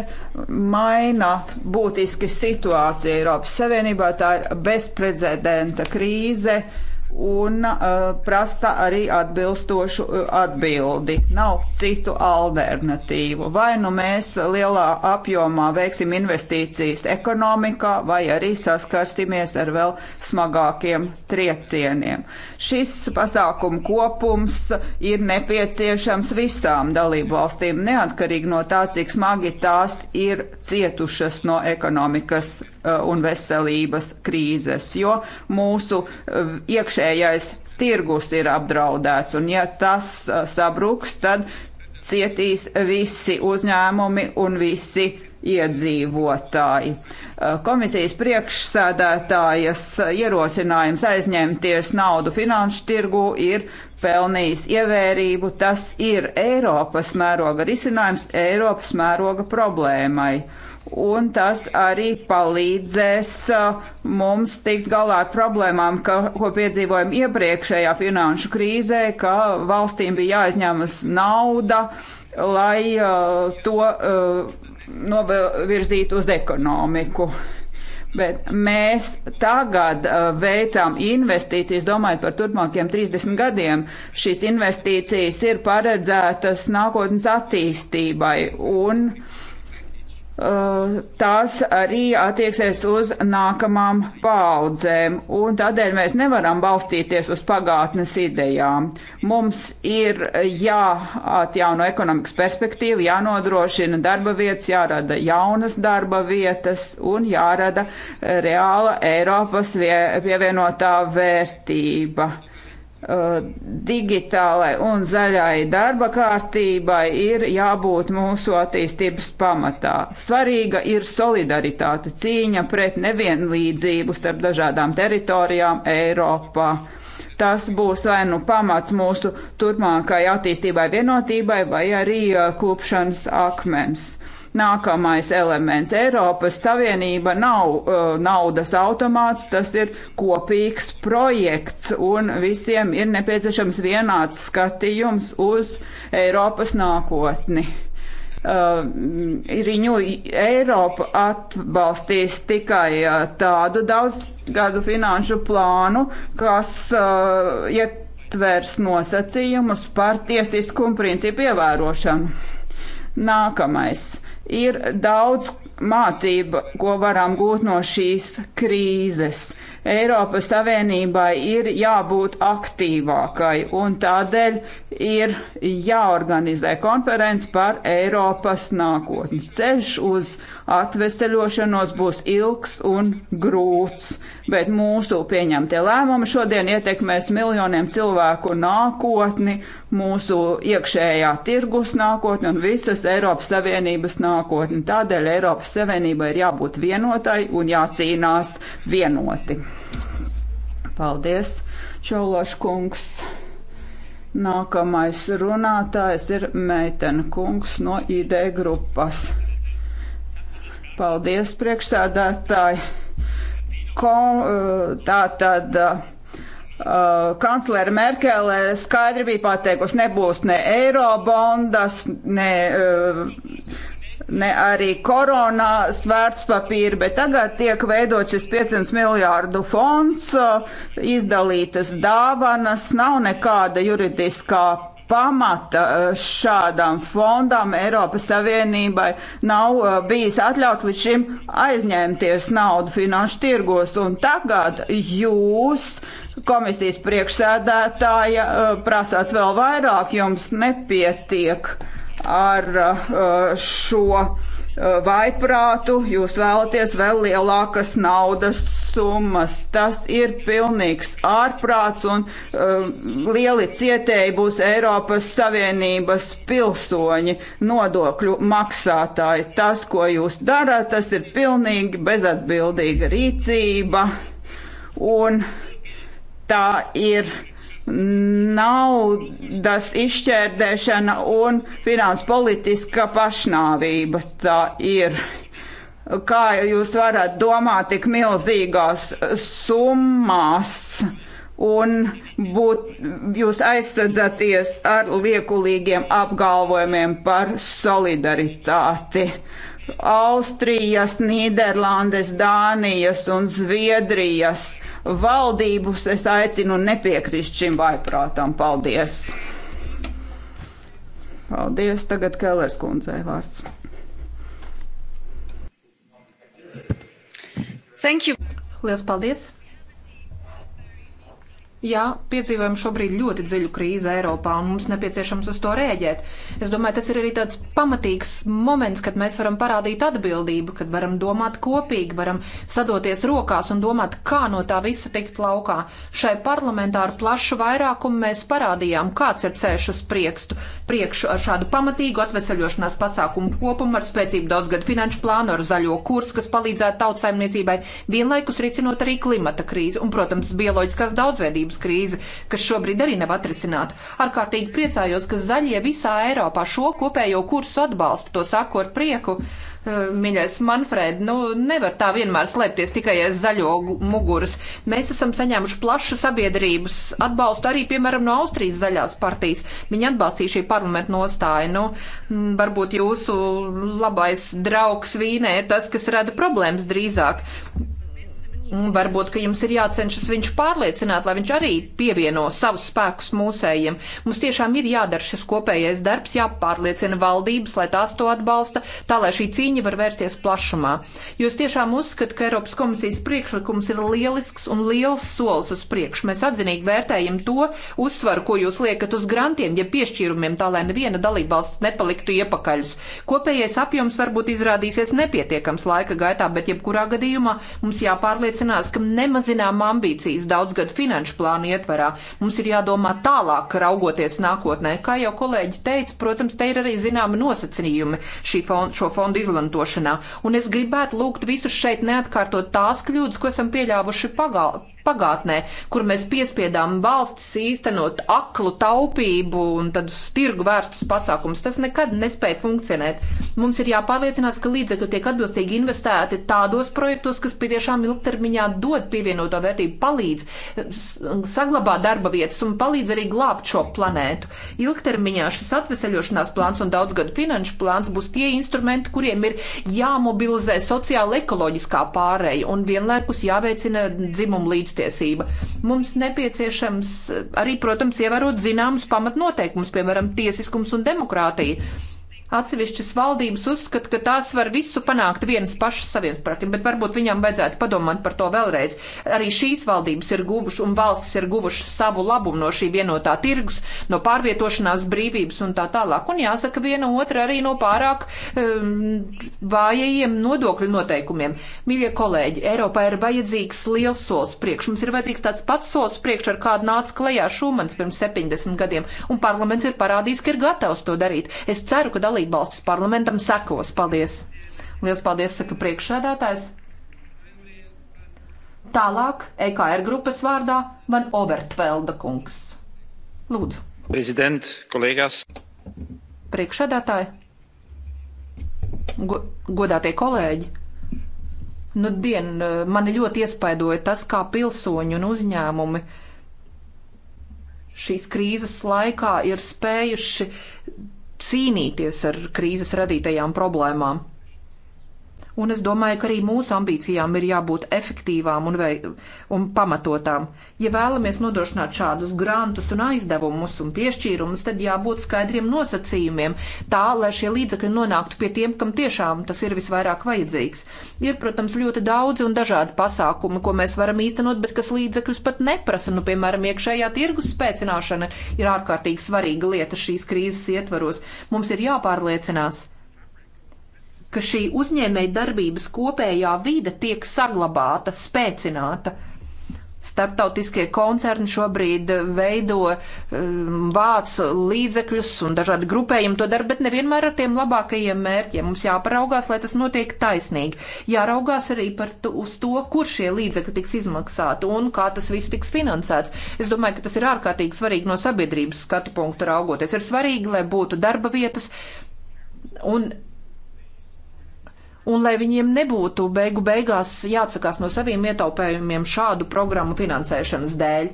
maina būtiski situāciju Eiropas Savienībā. Tā ir bezprecedenta krīze. Uh, un uh, prasa arī atbilstošu eh, atbildi. Nav citu alternatīvu. Vai nu mēs lielā apjomā veiksim investīcijas ekonomikā, vai arī saskarsimies ar vēl smagākiem triecieniem. Šis pasākumu kopums ir nepieciešams visām dalību valstīm, neatkarīgi no tā, cik smagi tās ir cietušas no ekonomikas uh, un veselības krīzes, jo mūsu uh, iekšā iekšējais tirgus ir apdraudēts, un ja tas uh, sabruks, tad cietīs visi uzņēmumi un visi iedzīvotāji. Uh, komisijas priekšsēdētājas uh, ierosinājums aizņemties naudu finanšu tirgu ir pelnījis ievērību. Tas ir Eiropas mēroga risinājums Eiropas mēroga problēmai un tas arī palīdzēs uh, mums tikt galā ar problēmām, ka, ko piedzīvojam iepriekšējā finanšu krīzē, ka valstīm bija jāizņemas nauda, lai uh, to uh, novirzītu uz ekonomiku. Bet mēs tagad uh, veicām investīcijas, domājot par turpmākiem 30 gadiem. Šīs investīcijas ir paredzētas nākotnes attīstībai un uh, Eh, tās arī attieksies uz nākamām paudzēm, un tādēļ mēs nevaram balstīties uz pagātnes idejām. Mums ir jāatjauno ekonomikas perspektīva, jānodrošina darba vietas, jārada jaunas darba vietas un jārada reāla Eiropas pievienotā vērtība Uh, digitālai un zaļai darba kārtībai ir jābūt mūsu attīstības pamatā. Svarīga ir solidaritāte, cīņa pret nevienlīdzību starp dažādām teritorijām Eiropā. Tas būs vai nu pamats mūsu turpmākai attīstībai vienotībai vai arī uh, klupšanas akmens. Nākamais elements - Eiropas Savienība nav uh, naudas automāts, tas ir kopīgs projekts, un visiem ir nepieciešams vienāds skatījums uz Eiropas nākotni. Uh, riņu Eiropa atbalstīs tikai uh, tādu daudzgadu finanšu plānu, kas uh, ietvers nosacījumus par tiesiskumu principu ievērošanu. Nākamais ir daudz mācība, ko varam gūt no šīs krīzes. Eiropas Savienībai ir jābūt aktīvākai un tādēļ ir jāorganizē konferences par Eiropas nākotni. Ceļš uz atveseļošanos būs ilgs un grūts, bet mūsu pieņemtie lēmumi šodien ietekmēs miljoniem cilvēku nākotni, mūsu iekšējā tirgus nākotni un visas Eiropas Savienības nākotni. Tādēļ Eiropas Savienība ir jābūt vienotai un jācīnās vienoti. Paldies, Čološ kungs. Nākamais runātājs ir Meitena kungs no ID grupas. Paldies, priekšsādātāji. Ko, eh, tā tad. Uh, kanclere Merkele skaidri bija pateikusi, nebūs ne eiro bondas, ne uh, ne arī koronā svērtspapīri, bet tagad tiek veidot šis 500 miljārdu fonds, eh, izdalītas dāvanas, nav nekāda juridiskā pamata eh, šādam fondam Eiropas Savienībai nav eh, bijis atļauts līdz šim aizņemties naudu finanšu tirgos, un tagad jūs komisijas priekšsēdētāja prasāt vēl vairāk, jums nepietiek uh, ar eh, šo eh, vaiprātu jūs vēlaties vēl lielākas naudas summas. Tas ir pilnīgs ārprāts un uh, lieli cietēji būs Eiropas Savienības pilsoņi, nodokļu maksātāji. Tas, ko jūs darat, tas ir pilnīgi bezatbildīga rīcība un tā ir naudas izšķērdēšana un finanses politiska pašnāvība tā ir. Kā jūs varat domāt tik milzīgās summās un būt, jūs aizsadzaties ar liekulīgiem apgalvojumiem par solidaritāti? Austrijas, Nīderlandes, Dānijas un Zviedrijas valdības es aicinu nepiekrist šim vaiprātam. Paldies! Paldies! Tagad Kellers kundzei vārds. Thank you! Lielas paldies! Jā, piedzīvojam šobrīd ļoti dziļu krīzi Eiropā, un mums nepieciešams uz to rēģēt. Es domāju, tas ir arī tāds pamatīgs moments, kad mēs varam parādīt atbildību, kad varam domāt kopīgi, varam sadoties rokās un domāt, kā no tā visa tikt laukā. Šai parlamentā ar plašu vairākumu mēs parādījām, kāds ir ceļš uz priekstu, priekšu ar šādu pamatīgu atvesaļošanās pasākumu kopumu, ar spēcīgu daudzgadu finanšu plānu, ar zaļo kursu, kas palīdzētu tautsaimniecībai, vienlaikus risinot arī klimata krīzi un, protams, bioloģiskās daudzveidības krīzi, kas šobrīd arī nav atrisināta. Ārkārtīgi priecājos, ka zaļie visā Eiropā šo kopējo kursu atbalsta, to saku ar prieku. Eh, mīļais Manfred, nu nevar tā vienmēr slēpties tikai aiz zaļo muguras. Mēs esam saņēmuši plašu sabiedrības atbalstu arī, piemēram, no Austrijas zaļās partijas. Viņi atbalstīja šī parlamenta nostāja. Nu, varbūt jūsu labais draugs vīnē tas, kas rada problēmas drīzāk. Un varbūt, ka jums ir jācenšas viņš pārliecināt, lai viņš arī pievieno savus spēkus mūsējiem. Mums tiešām ir jādara šis kopējais darbs, jāpārliecina valdības, lai tās to atbalsta, tā lai šī cīņa var vērsties plašumā. Jo es tiešām uzskatu, ka Eiropas komisijas priekšlikums ir lielisks un liels solis uz priekšu. Mēs atzinīgi vērtējam to uzsvaru, ko jūs liekat uz grantiem, ja piešķīrumiem, tā lai neviena dalībvalsts nepaliktu iepakaļus. Kopējais apjoms varbūt izrādīsies nepietiekams laika gaitā, bet jebkurā gadījumā mums jāpārliecina jāpārliecinās, ka nemazinām ambīcijas daudzgad finanšu plānu ietvarā. Mums ir jādomā tālāk, raugoties nākotnē. Kā jau kolēģi teica, protams, te ir arī zināmi nosacījumi fond, šo fondu izlantošanā. Un es gribētu lūgt visus šeit neatkārtot tās kļūdas, ko esam pieļāvuši pagātnē pagātnē, kur mēs piespiedām valstis īstenot aklu taupību un tādus tirgu vērstus pasākumus. Tas nekad nespēja funkcionēt. Mums ir jāpārliecinās, ka līdzekļi tiek atbilstīgi investēti tādos projektos, kas patiešām ilgtermiņā dod pievienoto vērtību, palīdz saglabāt darba vietas un palīdz arī glābt šo planētu. Ilgtermiņā šis atveseļošanās plāns un daudzgadu finanšu plāns būs tie instrumenti, kuriem ir jāmobilizē sociāla ekoloģiskā pārēja un vienlaikus jāveicina dzimumu līdztiesību līdztiesība. Mums nepieciešams arī, protams, ievērot zināmus pamatnoteikumus, piemēram, tiesiskums un demokrātija. Atsevišķas valdības uzskata, ka tās var visu panākt vienas pašas saviem prātiem, bet varbūt viņām vajadzētu padomāt par to vēlreiz. Arī šīs valdības ir guvušas un valstis ir guvušas savu labumu no šī vienotā tirgus, no pārvietošanās brīvības un tā tālāk. Un jāsaka viena otra arī no pārāk um, vājajiem nodokļu noteikumiem. Mīļie kolēģi, Eiropā ir vajadzīgs liels solis priekš. Mums ir vajadzīgs tāds pats solis priekš, ar kādu nāca klajā Šumans pirms 70 gadiem, un parlaments ir parādījis, ka ir gatavs to darīt. Es ceru, ka dalībnieki dalībvalstis parlamentam sekos. Paldies! Lielas paldies, saka priekšsēdētājs. Tālāk EKR grupas vārdā Van Overtvelda kungs. Lūdzu. Prezident, kolēģās. Priekšsēdētāji, go, godātie kolēģi. Nu, dien, mani ļoti iespaidoja tas, kā pilsoņi un uzņēmumi šīs krīzes laikā ir spējuši cīnīties ar krīzes radītajām problēmām. Un es domāju, ka arī mūsu ambīcijām ir jābūt efektīvām un, vei, un pamatotām. Ja vēlamies nodrošināt šādus grantus un aizdevumus un piešķīrumus, tad jābūt skaidriem nosacījumiem, tā, lai šie līdzekļi nonāktu pie tiem, kam tiešām tas ir visvairāk vajadzīgs. Ir, protams, ļoti daudz un dažādi pasākumi, ko mēs varam īstenot, bet kas līdzekļus pat neprasa. Nu, piemēram, iekšējā tirgus spēcināšana ir ārkārtīgi svarīga lieta šīs krīzes ietvaros. Mums ir jāpārliecinās, ka šī uzņēmēja darbības kopējā vide tiek saglabāta, spēcināta. Startautiskie koncerni šobrīd veido um, vāc līdzekļus un dažādi grupējumi to dara, bet nevienmēr ar tiem labākajiem mērķiem. Mums jāparaugās, lai tas notiek taisnīgi. Jāraugās arī par to, uz to, kur šie līdzekļi tiks izmaksāti un kā tas viss tiks finansēts. Es domāju, ka tas ir ārkārtīgi svarīgi no sabiedrības skatu punktu raugoties. Ir svarīgi, lai būtu darba vietas un un lai viņiem nebūtu beigu beigās jāatsakās no saviem ietaupējumiem šādu programmu finansēšanas dēļ.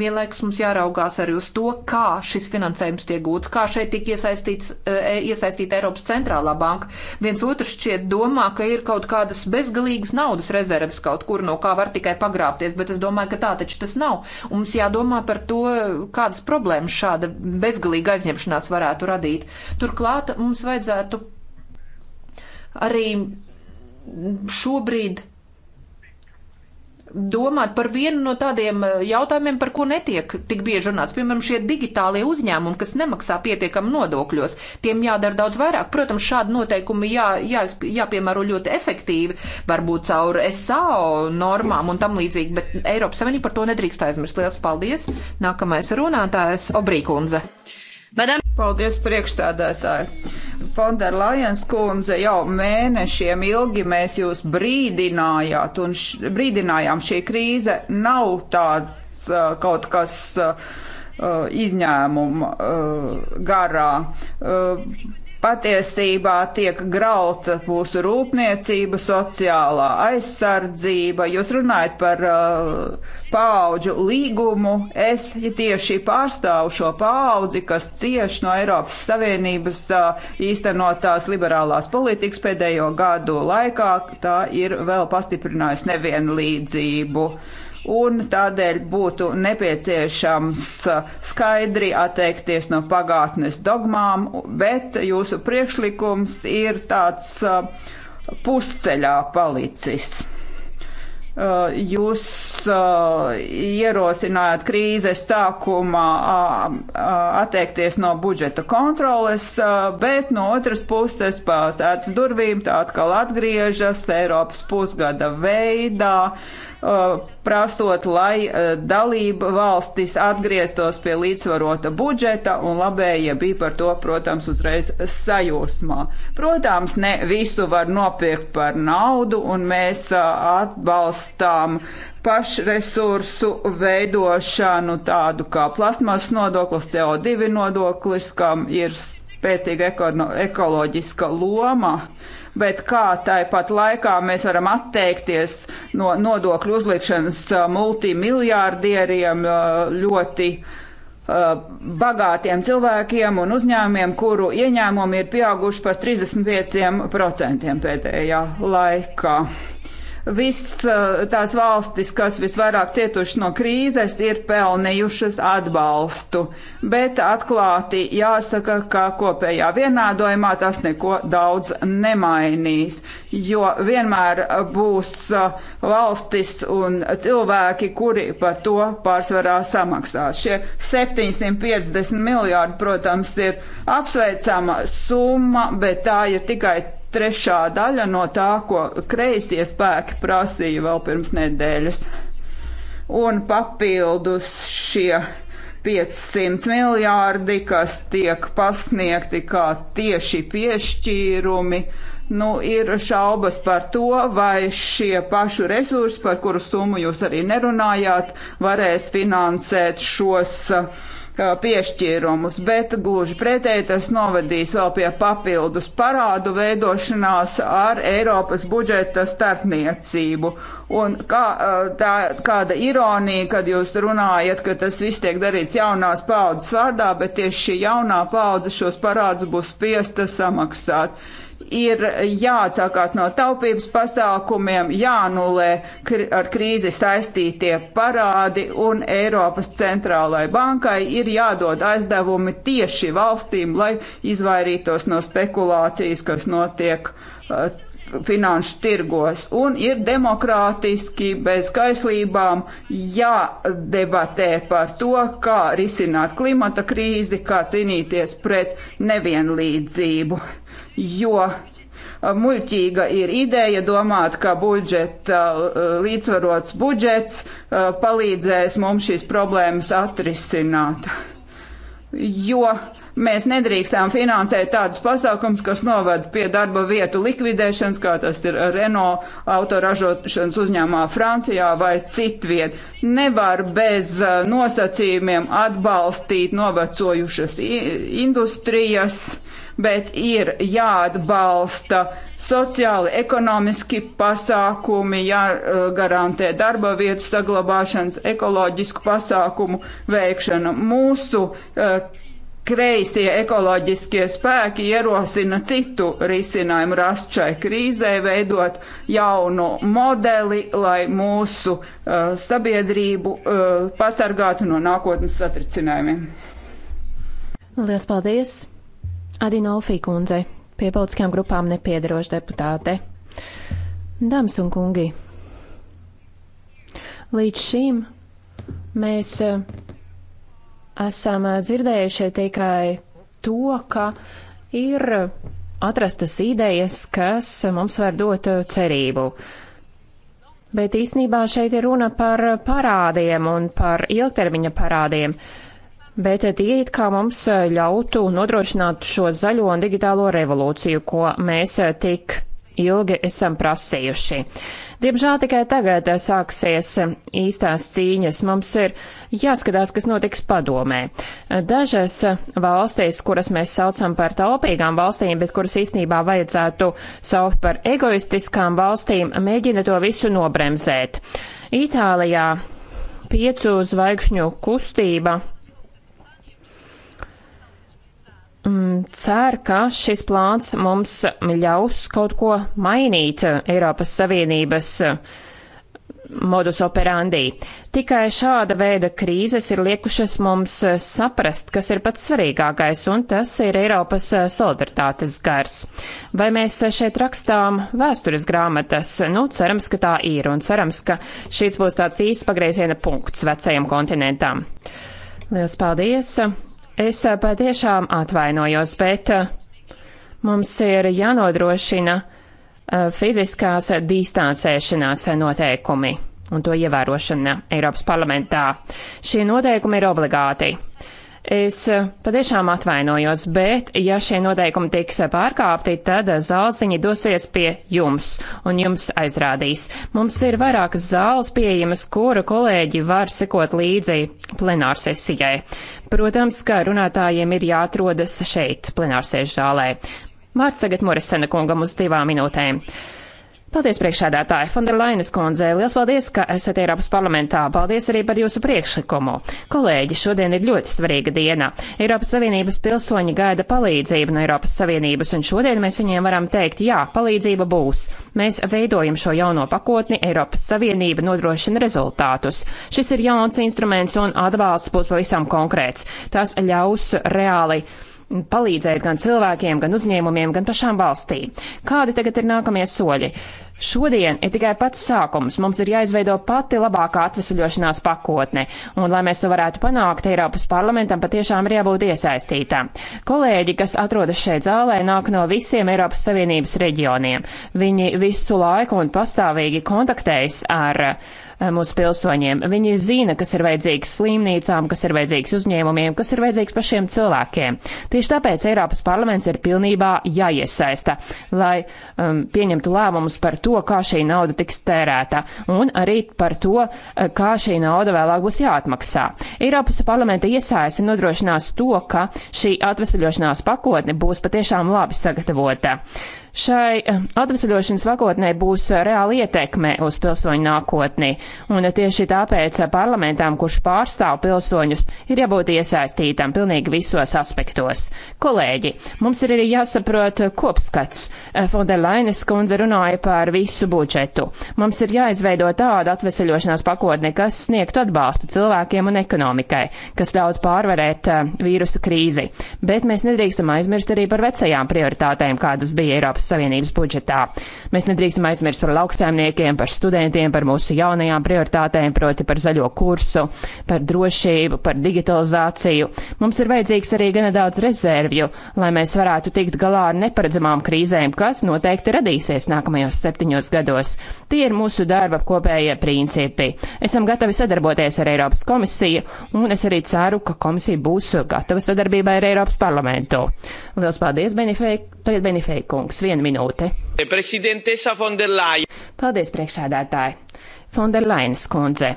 Vienlaikus mums jāraugās arī uz to, kā šis finansējums tiek gūts, kā šeit tiek e, iesaistīta Eiropas centrālā banka. Viens otrs šķiet domā, ka ir kaut kādas bezgalīgas naudas rezerves kaut kur, no kā var tikai pagrāpties, bet es domāju, ka tā taču tas nav. Un mums jādomā par to, kādas problēmas šāda bezgalīga aizņemšanās varētu radīt. Turklāt mums vajadzētu arī šobrīd domāt par vienu no tādiem eh, jautājumiem, par ko netiek tik bieži runāts. Piemēram, šie digitālie uzņēmumi, kas nemaksā pietiekami nodokļos, tiem jādara daudz vairāk. Protams, šādi noteikumi jā, jā, jāpiemēro ļoti efektīvi, varbūt caur SAO normām un tam līdzīgi, bet Eiropas Savienība par to nedrīkst aizmirst. Lielas paldies! Nākamais runātājs Obrīkundze. Madame... Paldies, priekšsēdētāji! Fonderlajens kundze jau mēnešiem ilgi mēs jūs brīdinājāt, un š, brīdinājām šī krīze nav tāds uh, kaut kas. Uh, izņēmuma uh, garā. Uh, Patiesībā tiek grauta mūsu rūpniecība, sociālā aizsardzība. Jūs runājat par uh, paudžu līgumu. Es ja tieši pārstāvu šo paudzi, kas cieši no Eiropas Savienības uh, īstenotās liberālās politikas pēdējo gadu laikā. Tā ir vēl pastiprinājusi nevienlīdzību. Uh, un tādēļ būtu nepieciešams skaidri atteikties no pagātnes dogmām, bet jūsu priekšlikums ir tāds uh, pusceļā palicis. Uh, jūs uh, ierosinājāt krīzes sākumā atteikties no budžeta kontroles, bet no otras puses pēc durvīm tā atkal atgriežas Eiropas pusgada veidā Uh, prasot, lai uh, dalība valstis atgrieztos pie līdzsvarota budžeta, un labējie bija par to, protams, uzreiz sajūsmā. Protams, ne visu var nopirkt par naudu, un mēs uh, atbalstām pašresursu veidošanu tādu kā plasmas nodoklis, CO2 nodoklis, kam ir spēcīga ekoloģiska loma. Uh, bet kā tāpat laikā mēs varam atteikties no nodokļu uzlikšanas uh, multimiljārdieriem uh, ļoti uh, bagātiem cilvēkiem un uzņēmumiem, kuru ieņēmumi ir pieauguši par 35% pēdējā laikā. Viss eh, tās valstis, kas visvairāk cietušas no krīzes, ir pelnījušas atbalstu, bet atklāti jāsaka, ka kopējā vienādojumā tas neko daudz nemainīs, jo vienmēr būs eh, valstis un cilvēki, kuri par to pārsvarā samaksās. Šie 750 miljārdi, protams, ir apsveicama summa, bet tā ir tikai trešā daļa no tā, ko kreisie spēki prasīja vēl pirms nedēļas. Un papildus šie 500 miljārdi, kas tiek pasniegti kā tieši piešķīrumi, nu, ir šaubas par to, vai šie pašu resursi, par kuru summu jūs arī nerunājāt, varēs finansēt šos uh, piešķīrumus, bet gluži pretēji tas novedīs vēl pie papildus parādu veidošanās ar Eiropas budžeta starpniecību. Un kā, eh, tā, kāda ironija, kad jūs runājat, ka tas viss tiek darīts jaunās paudzes vārdā, bet tieši šī jaunā paudze šos parādus būs spiesta samaksāt ir jāatsakās no taupības pasākumiem, jāanulē kr ar krīzi saistītie parādi un Eiropas centrālai bankai ir jādod aizdevumi tieši valstīm, lai izvairītos no spekulācijas, kas notiek uh, finanšu tirgos un ir demokrātiski bez kaislībām jādebatē par to, kā risināt klimata krīzi, kā cīnīties pret nevienlīdzību jo muļķīga ir ideja domāt, ka budžeta, līdzsvarots budžets palīdzēs mums šīs problēmas atrisināt. Jo mēs nedrīkstām finansēt tādus pasākums, kas novada pie darba vietu likvidēšanas, kā tas ir Renault autoražošanas uzņēmumā Francijā vai citviet. Nevar bez nosacījumiem atbalstīt novecojušas industrijas, uh, bet ir jāatbalsta sociāli, ekonomiski pasākumi, jāgarantē darba vietu saglabāšanas, ekoloģisku pasākumu veikšana. Mūsu e, kreisie ekoloģiskie spēki ierosina citu risinājumu rast šai krīzē, veidot jaunu modeli, lai mūsu uh, sabiedrību uh, pasargātu no nākotnes satricinājumiem. Lielas paldies! Adinolfi kundze, pie politiskajām grupām nepiedaroša deputāte. Dāmas un kungi, līdz šim mēs eh, esam eh, dzirdējuši tikai to, ka ir atrastas idejas, kas mums var dot eh, cerību. Bet īsnībā šeit ir runa par parādiem un par ilgtermiņa parādiem. Uh, bet tie it kā mums e, ļautu nodrošināt šo zaļo un digitālo revolūciju, ko mēs e, tik ilgi esam prasījuši. Diemžēl tikai tagad e, sāksies īstās cīņas. Mums ir jāskatās, kas notiks padomē. Dažas valstīs, kuras mēs saucam par taupīgām valstīm, bet kuras īstenībā vajadzētu saukt par egoistiskām valstīm, mēģina to visu nobremzēt. Itālijā piecu zvaigžņu kustība Mm, cer, ka šis plāns mums ļaus kaut ko mainīt Eiropas Savienības mm, modus operandi. Tikai šāda veida krīzes ir liekušas mums saprast, kas ir pats svarīgākais, un tas ir Eiropas solidaritātes gars. Vai mēs šeit rakstām vēstures grāmatas? Nu, cerams, ka tā ir, un cerams, ka šis būs tāds īsts pagrieziena punkts vecajam kontinentam. Lielas paldies! Es eh, patiešām atvainojos, bet eh, mums ir jānodrošina eh, fiziskās distancēšanās noteikumi un to ievērošana Eiropas parlamentā. Šie noteikumi ir obligāti. Es eh, patiešām atvainojos, bet ja šie noteikumi tiks eh, pārkāpti, tad eh, zālziņi dosies pie jums un jums aizrādīs. Mums ir vairākas zāles pieejamas, kura kolēģi var sekot līdzi plenārsesijai. Protams, ka runātājiem ir jāatrodas šeit, plenārsēžu zālē. Vārds tagad Morisena kungam uz divām minūtēm. Paldies, priekšsēdētāji, Fonderlainas kundze. Liels paldies, ka esat Eiropas parlamentā. Paldies arī par jūsu priekšlikumu. Kolēģi, šodien ir ļoti svarīga diena. Eiropas Savienības pilsoņi gaida palīdzību no Eiropas Savienības, un šodien mēs viņiem varam teikt, jā, palīdzība būs. Mēs veidojam šo jauno pakotni, Eiropas Savienība nodrošina rezultātus. Šis ir jauns instruments, un atbalsts būs pavisam konkrēts. Tas ļaus reāli palīdzēt gan cilvēkiem, gan uzņēmumiem, gan pašām valstī. Kādi tagad ir nākamie soļi? Šodien ir tikai pats sākums. Mums ir jāizveido pati labākā atvesaļošanās pakotne, un, lai mēs to varētu panākt, Eiropas parlamentam patiešām ir jābūt iesaistītām. Kolēģi, kas atrodas šeit zālē, nāk no visiem Eiropas Savienības reģioniem. Viņi visu laiku un pastāvīgi kontaktējas ar uh, Eh, mūsu pilsoņiem. Viņi zina, kas ir vajadzīgs slimnīcām, kas ir vajadzīgs uzņēmumiem, kas ir vajadzīgs pašiem cilvēkiem. Tieši tāpēc Eiropas parlaments ir pilnībā jāiesaista, lai um, pieņemtu lēmumus par to, kā šī nauda tiks tērēta un arī par to, eh, kā šī nauda vēlāk būs jāatmaksā. Eiropas parlamenta iesaiste nodrošinās to, ka šī atvesaļošanās pakotne būs patiešām labi sagatavota. Šai eh, atvesaļošanas vakotnē būs eh, reāla ietekme uz pilsoņu nākotni, un eh, tieši tāpēc parlamentām, kurš pārstāv pilsoņus, ir jābūt iesaistītam pilnīgi visos aspektos. Kolēģi, mums ir arī jāsaprot kopskats. Fondelainas kundze runāja par visu budžetu. Mums ir jāizveido tāda atvesaļošanās pakotne, kas sniegtu atbalstu cilvēkiem un ekonomikai, kas ļautu pārvarēt vīrusa krīzi. Bet mēs nedrīkstam aizmirst arī par vecajām prioritātēm, kādas bija Eiropas. Eiropas Savienības budžetā. Mēs nedrīkstam aizmirst par lauksaimniekiem, par studentiem, par mūsu jaunajām prioritātēm, proti par zaļo kursu, par drošību, par digitalizāciju. Mums ir vajadzīgs arī gana daudz rezervju, lai mēs varētu tikt galā ar neparedzamām krīzēm, kas noteikti radīsies nākamajos septiņos gados. Tie ir mūsu darba kopējie principi. Esam gatavi sadarboties ar Eiropas komisiju, un es arī ceru, ka komisija būs gatava sadarbībai ar Eiropas parlamentu. Lielas paldies, Benifei, Benifei kungs! viena minūte. Eh, Paldies, priekšsēdētāji. Fonderlainas kundze.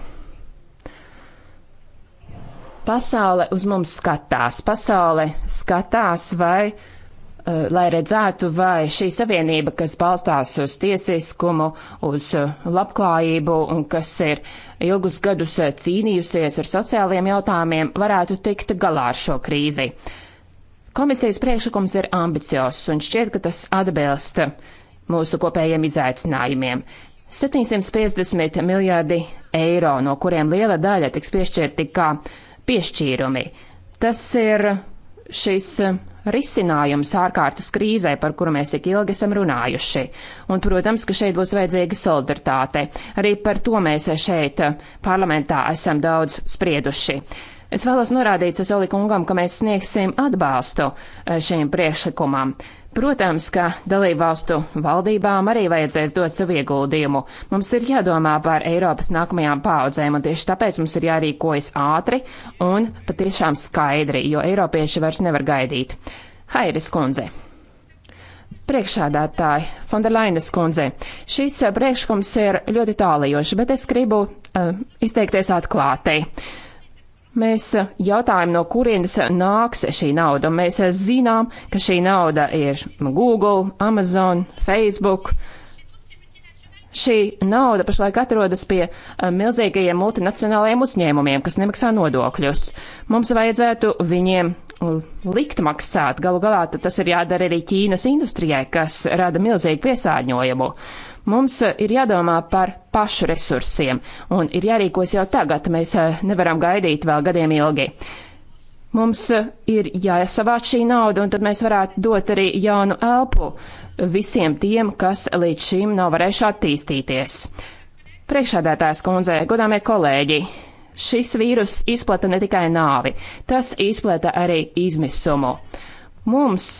Pasaule uz mums skatās. Pasaule skatās, vai, uh, lai redzētu, vai šī savienība, kas balstās uz tiesiskumu, uz eh, labklājību un kas ir ilgus gadus cīnījusies ar sociāliem jautājumiem, varētu tikt galā ar šo krīzi. Uh, Komisijas priekšlikums ir ambiciozs un šķiet, ka tas atbilst mūsu kopējiem izaicinājumiem. 750 miljārdi eiro, no kuriem liela daļa tiks piešķirti kā piešķīrumi. Tas ir šis risinājums ārkārtas krīzē, par kuru mēs tik ilgi esam runājuši. Un, protams, ka šeit būs vajadzīga solidaritāte. Arī par to mēs šeit parlamentā esam daudz sprieduši. Es vēlos norādīt Sasoli kungam, ka mēs sniegsim atbalstu e, šīm priekšlikumam. Protams, ka dalībvalstu valdībām arī vajadzēs dot savu ieguldījumu. Mums ir jādomā par Eiropas nākamajām paudzēm, un tieši tāpēc mums ir jārīkojas ātri un patiešām skaidri, jo eiropieši vairs nevar gaidīt. Hairis kundze. Priekšādātāji, Fonderlainas kundze, šis e, priekšlikums ir ļoti tālajošs, bet es gribu uh, izteikties atklātēji. Uh, Mēs eh, jautājam, no kurienes nāks šī nauda. Mēs eh, zinām, ka šī nauda ir Google, Amazon, Facebook. Šī nauda pašlaik atrodas pie eh, milzīgajiem multinacionālajiem uzņēmumiem, kas nemaksā nodokļus. Mums vajadzētu viņiem mm, likt maksāt. Galu galā tas ir jādara arī Ķīnas industrijai, kas rada milzīgu piesārņojumu. Mums eh, ir jādomā par pašu resursiem, un ir jārīkojas jau tagad, mēs eh, nevaram gaidīt vēl gadiem ilgi. Mums eh, ir jāsavāc šī nauda, un tad mēs varētu dot arī jaunu elpu visiem tiem, kas līdz šim nav varējuši attīstīties. Priekšādātājs kundze, godāmie kolēģi, šis vīrus izplata ne tikai nāvi, tas izplata arī izmisumu. Mums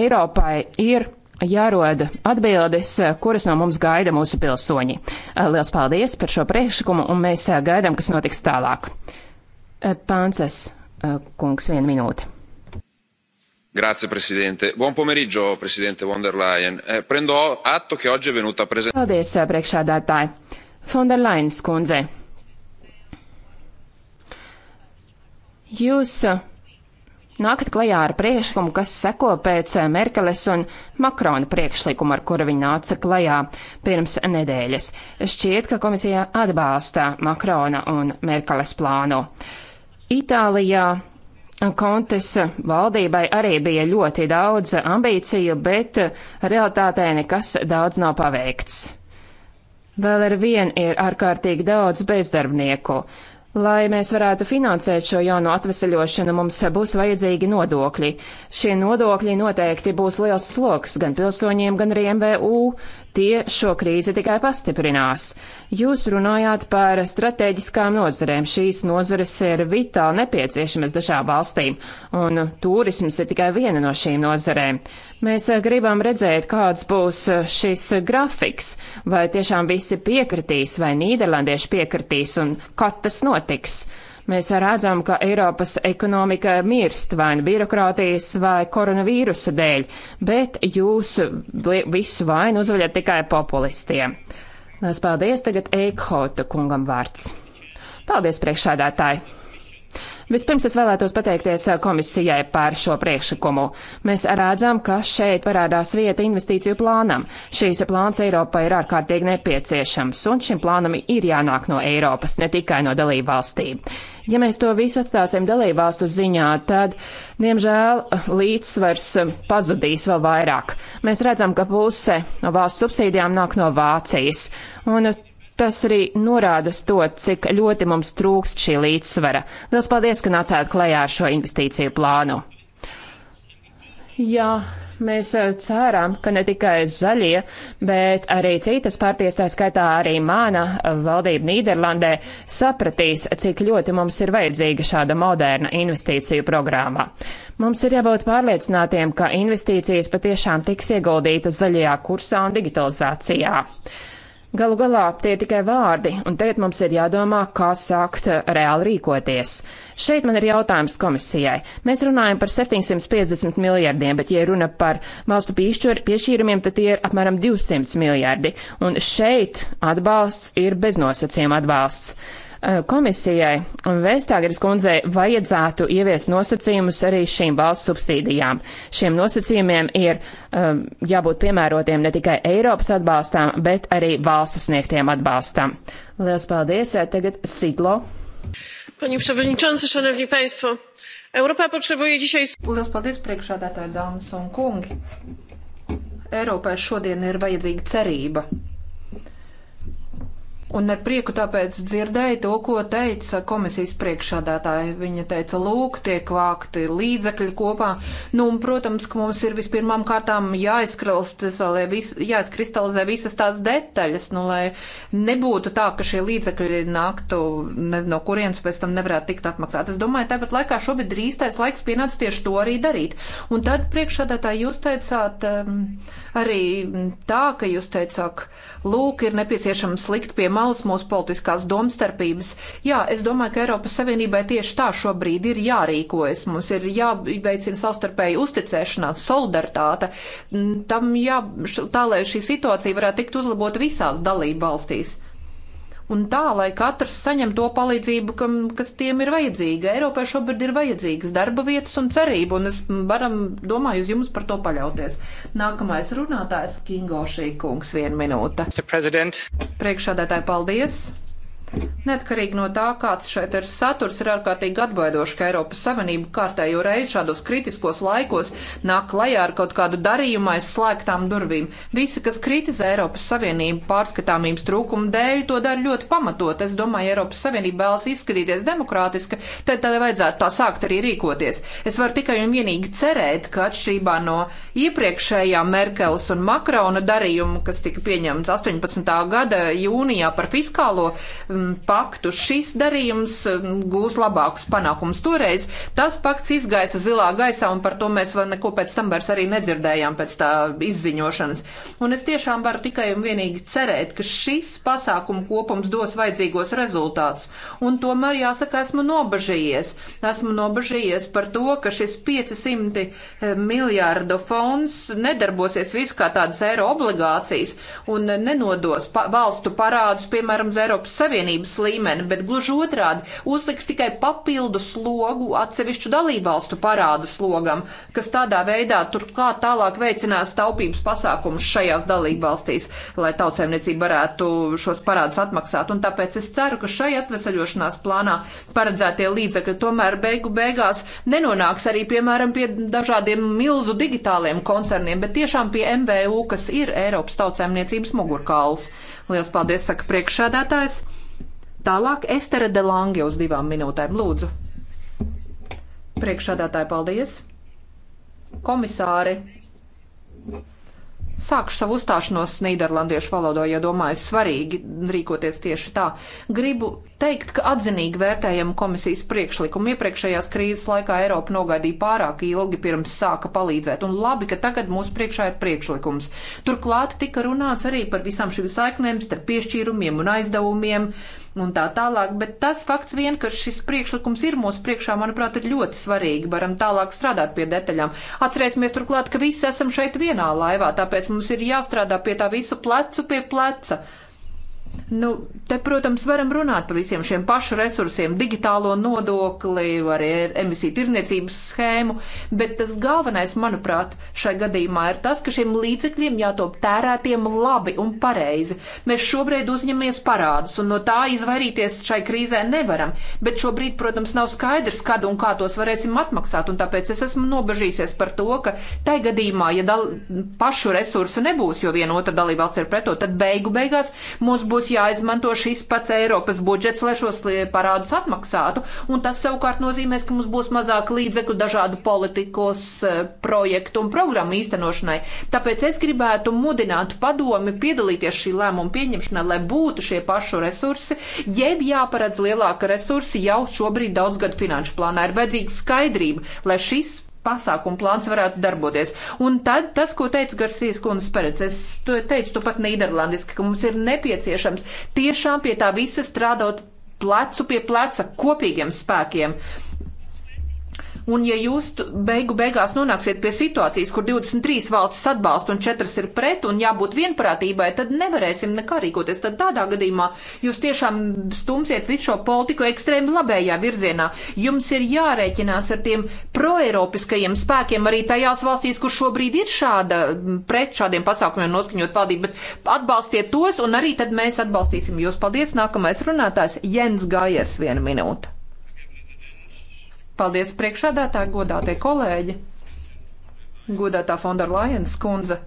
Eiropai ir jārod atbildes, kuras no mums gaida mūsu pilsoņi. Liels paldies par šo priekšlikumu, un mēs gaidām, kas notiks tālāk. Pānces kungs, viena minūte. Grazie Presidente. Buon pomeriggio Presidente von der Leyen. Eh, prendo atto che oggi è venuta presente. Paldies, priekšādātāji. Von der Leyen skundze. Jūs nākat klajā ar priekšlikumu, kas seko pēc Merkeles un Makrona priekšlikuma, ar kuru viņi nāca klajā pirms nedēļas. Šķiet, ka komisija atbalsta Makrona un Merkeles plānu. Itālijā Kontes valdībai arī bija ļoti daudz ambīciju, bet realitātē nekas daudz nav paveikts. Vēl ar vien ir ārkārtīgi daudz bezdarbnieku. Lai mēs varētu finansēt šo jauno atveseļošanu, mums būs vajadzīgi nodokļi. Šie nodokļi noteikti būs liels sloks gan pilsoņiem, gan arī MVU tie šo krīzi tikai pastiprinās. Jūs runājāt par strateģiskām nozarēm. Šīs nozares ir vitāli nepieciešamas dažām valstīm, un turisms ir tikai viena no šīm nozarēm. Mēs eh, gribam redzēt, kāds būs eh, šis grafiks, vai tiešām visi piekritīs, vai nīderlandieši piekritīs, un kad tas notiks. Mēs redzam, ka Eiropas ekonomika mirst vai nu birokrātijas vai koronavīrusa dēļ, bet jūs visu vainu uzvaļat tikai populistiem. Lielas paldies tagad Eikhauta kungam vārds. Paldies priekšādātāji! Vispirms es vēlētos pateikties eh, komisijai par šo priekšlikumu. Mēs redzam, ka šeit parādās vieta investīciju plānam. Šīs plāns Eiropai ir ārkārtīgi nepieciešams, un šim plānam ir jānāk no Eiropas, ne tikai no dalību valstīm. Ja mēs to visu atstāsim dalību valstu ziņā, tad, diemžēl, līdzsvars eh, pazudīs vēl vairāk. Mēs redzam, ka puse no valsts subsīdijām nāk no Vācijas, un Tas arī norāda uz to, cik ļoti mums trūkst šī līdzsvara. Lielas paldies, ka nācāt klajā ar šo investīciju plānu. Jā, mēs eh, cerām, ka ne tikai zaļie, bet arī citas partijas, tā skaitā arī mana eh, valdība Nīderlandē, sapratīs, cik ļoti mums ir vajadzīga šāda moderna investīciju programma. Mums ir jābūt pārliecinātiem, ka investīcijas patiešām tiks ieguldītas zaļajā kursā un digitalizācijā. Galu galā tie ir tikai vārdi, un tagad mums ir jādomā, kā sākt eh, reāli rīkoties. Šeit man ir jautājums komisijai. Mēs runājam par 750 miljardiem, bet, ja runa par valstu piešķīrumiem, tad tie ir apmēram 200 miljardi, un šeit atbalsts ir beznosacījuma atbalsts. Eh, komisijai un Vēstāgeris kundzei vajadzētu ievies nosacījumus arī šīm valsts subsīdijām. Šiem nosacījumiem ir um, jābūt piemērotiem ne tikai Eiropas atbalstām, bet arī valstu sniegtiem atbalstam. Lielas paldies! Eh, tagad Sidlo. Pani Przewodnicząca, Szanowni Państwo, Europa potrzebuje dzisiaj... Lielas paldies, priekšādātāji, dāmas un kungi! Eiropai šodien ir vajadzīga cerība Un ar prieku tāpēc dzirdēju to, ko teica komisijas priekšādātāja. Viņa teica, lūk, tiek vākti līdzekļi kopā. Nu, un, protams, ka mums ir vispirmām kārtām vis, jāizkristalizē visas tās detaļas, nu, lai nebūtu tā, ka šie līdzekļi nāktu, nezinu, no kurienes pēc tam nevarētu tikt atmaksāt. Es domāju, tāpat laikā šobrīd drīztais laiks pienācis tieši to arī darīt. Un tad priekšādātāji jūs teicāt um, arī tā, ka jūs teicāt, lūk, ir nepieciešams likt pie mācības vēlas mūsu politiskās domstarpības. Jā, es domāju, ka Eiropas Savienībai tieši tā šobrīd ir jārīkojas. Mums ir jāveicina savstarpēji uzticēšanās, solidaritāte. Tam jā, tā, lai šī situācija varētu tikt uzlabota visās dalību valstīs un tā, lai katrs saņem to palīdzību, kam, kas tiem ir vajadzīga. Eiropai šobrīd ir vajadzīgas darba vietas un cerība, un es varam, domāju, uz jums par to paļauties. Nākamais runātājs Kingo Šīkungs, viena minūte. Priekšādātāji, paldies! Neatkarīgi no tā, kāds šeit ir saturs, ir ārkārtīgi atbaidoši, ka Eiropas Savienība kārtējo reizi šādos kritiskos laikos nāk klajā ar kaut kādu darījumu aiz slēgtām durvīm. Visi, kas kritizē Eiropas Savienību pārskatāmības trūkumu dēļ, to dara ļoti pamatot. Es domāju, Eiropas Savienība vēlas izskatīties demokrātiski, tad tā vajadzētu tā sākt arī rīkoties. Es varu tikai un vienīgi cerēt, ka atšķirībā no iepriekšējā Merkels un Makrona darījuma, kas tika pieņemts 18. gada jūnijā par fiskālo um, paktu. Šis darījums eh, gūs labākus panākumus. Toreiz tas pakts izgaisa zilā gaisā, un par to mēs vēl neko pēc tam vairs arī nedzirdējām pēc tā izziņošanas. Un es tiešām varu tikai un vienīgi cerēt, ka šis pasākumu kopums dos vajadzīgos rezultātus. Un tomēr jāsaka, esmu nobažījies. Esmu nobažījies par to, ka šis 500 eh, miljārdu fonds nedarbosies viss kā tādas eiro obligācijas un nenodos pa valstu parādus, piemēram, uz Eiropas Savienību savienības līmeni, bet gluži otrādi uzliks tikai papildu slogu atsevišķu dalībvalstu parādu slogam, kas tādā veidā turklāt tālāk veicinās taupības pasākumus šajās dalībvalstīs, lai tautsēmniecība varētu šos parādus atmaksāt. Un tāpēc es ceru, ka šai atvesaļošanās plānā paredzētie līdzekļi tomēr beigu beigās nenonāks arī, piemēram, pie dažādiem milzu digitāliem koncerniem, bet tiešām pie MVU, kas ir Eiropas tautsēmniecības mugurkauls. Lielas paldies, saka priekšsēdētājs. Tālāk Estere de Lange uz divām minūtēm. Lūdzu. Priekšādātāji, paldies. Komisāri. Sākšu savu uzstāšanos Nīderlandiešu valodā, jo ja domāju, svarīgi rīkoties tieši tā. Gribu teikt, ka atzinīgi vērtējam komisijas priekšlikumu. Iepriekšējās krīzes laikā Eiropa nogaidīja pārāk ilgi pirms sāka palīdzēt, un labi, ka tagad mūsu priekšā ir priekšlikums. Turklāt tika runāts arī par visām šīm saiknēm starp piešķīrumiem un aizdevumiem. Uh, un tā tālāk, bet tas fakts vien, ka šis priekšlikums ir mūsu priekšā, manuprāt, ir ļoti svarīgi. Varam tālāk strādāt pie detaļām. Atcerēsimies turklāt, ka visi esam šeit vienā laivā, tāpēc mums ir jāstrādā pie tā visa plecu pie pleca. Nu, te, protams, varam runāt par visiem šiem pašu resursiem, digitālo nodokli, arī emisiju tirniecības schēmu, bet tas galvenais, manuprāt, šai gadījumā ir tas, ka šiem līdzekļiem jātop tērētiem labi un pareizi. Mēs šobrīd uzņemamies parādus, un no tā izvairīties šai krīzē nevaram, bet šobrīd, protams, nav skaidrs, kad un kā tos varēsim atmaksāt, un tāpēc es esmu nobežīsies par to, ka tai gadījumā, ja dal... pašu resursu nebūs, jo viena otra dalībvalsts ir preto, tad beigu beigās mums būs būtu jāizmanto šis pats Eiropas budžets, lai šos parādus atmaksātu. Un tas savukārt nozīmēs, ka mums būs mazāk līdzekļu dažādu politikos e, projektu un programmu īstenošanai. Tāpēc es gribētu mudināt padomi piedalīties šī lēmuma pieņemšanā, lai būtu šie pašu resursi, jeb jāparedz lielāka resursi jau šobrīd daudzgadu finanšu plānā. Ir vajadzīga skaidrība, lai šis pasākumu plāns varētu darboties. Un tad tas, ko teica Garcijas kundze paredz, es to teicu to pat nīderlandiski, ka mums ir nepieciešams tiešām pie tā visa strādāt plecu pie pleca kopīgiem spēkiem. Un ja jūs beigu beigās nonāksiet pie situācijas, kur 23 valstis atbalsta un 4 ir pret un jābūt vienprātībai, tad nevarēsim nekā rīkoties. Tad tādā gadījumā jūs tiešām stumsiet visu šo politiku ekstrēmi labējā virzienā. Jums ir jārēķinās ar tiem proeiropiskajiem spēkiem arī tajās valstīs, kur šobrīd ir šāda pret šādiem pasākumiem noskaņot valdību, bet atbalstiet tos un arī tad mēs atbalstīsim jūs. Paldies! Nākamais runātājs Jens Gājers, viena minūte. Paldies priekšādātāji, godātie kolēģi, godātā Fonda Lajens kundze.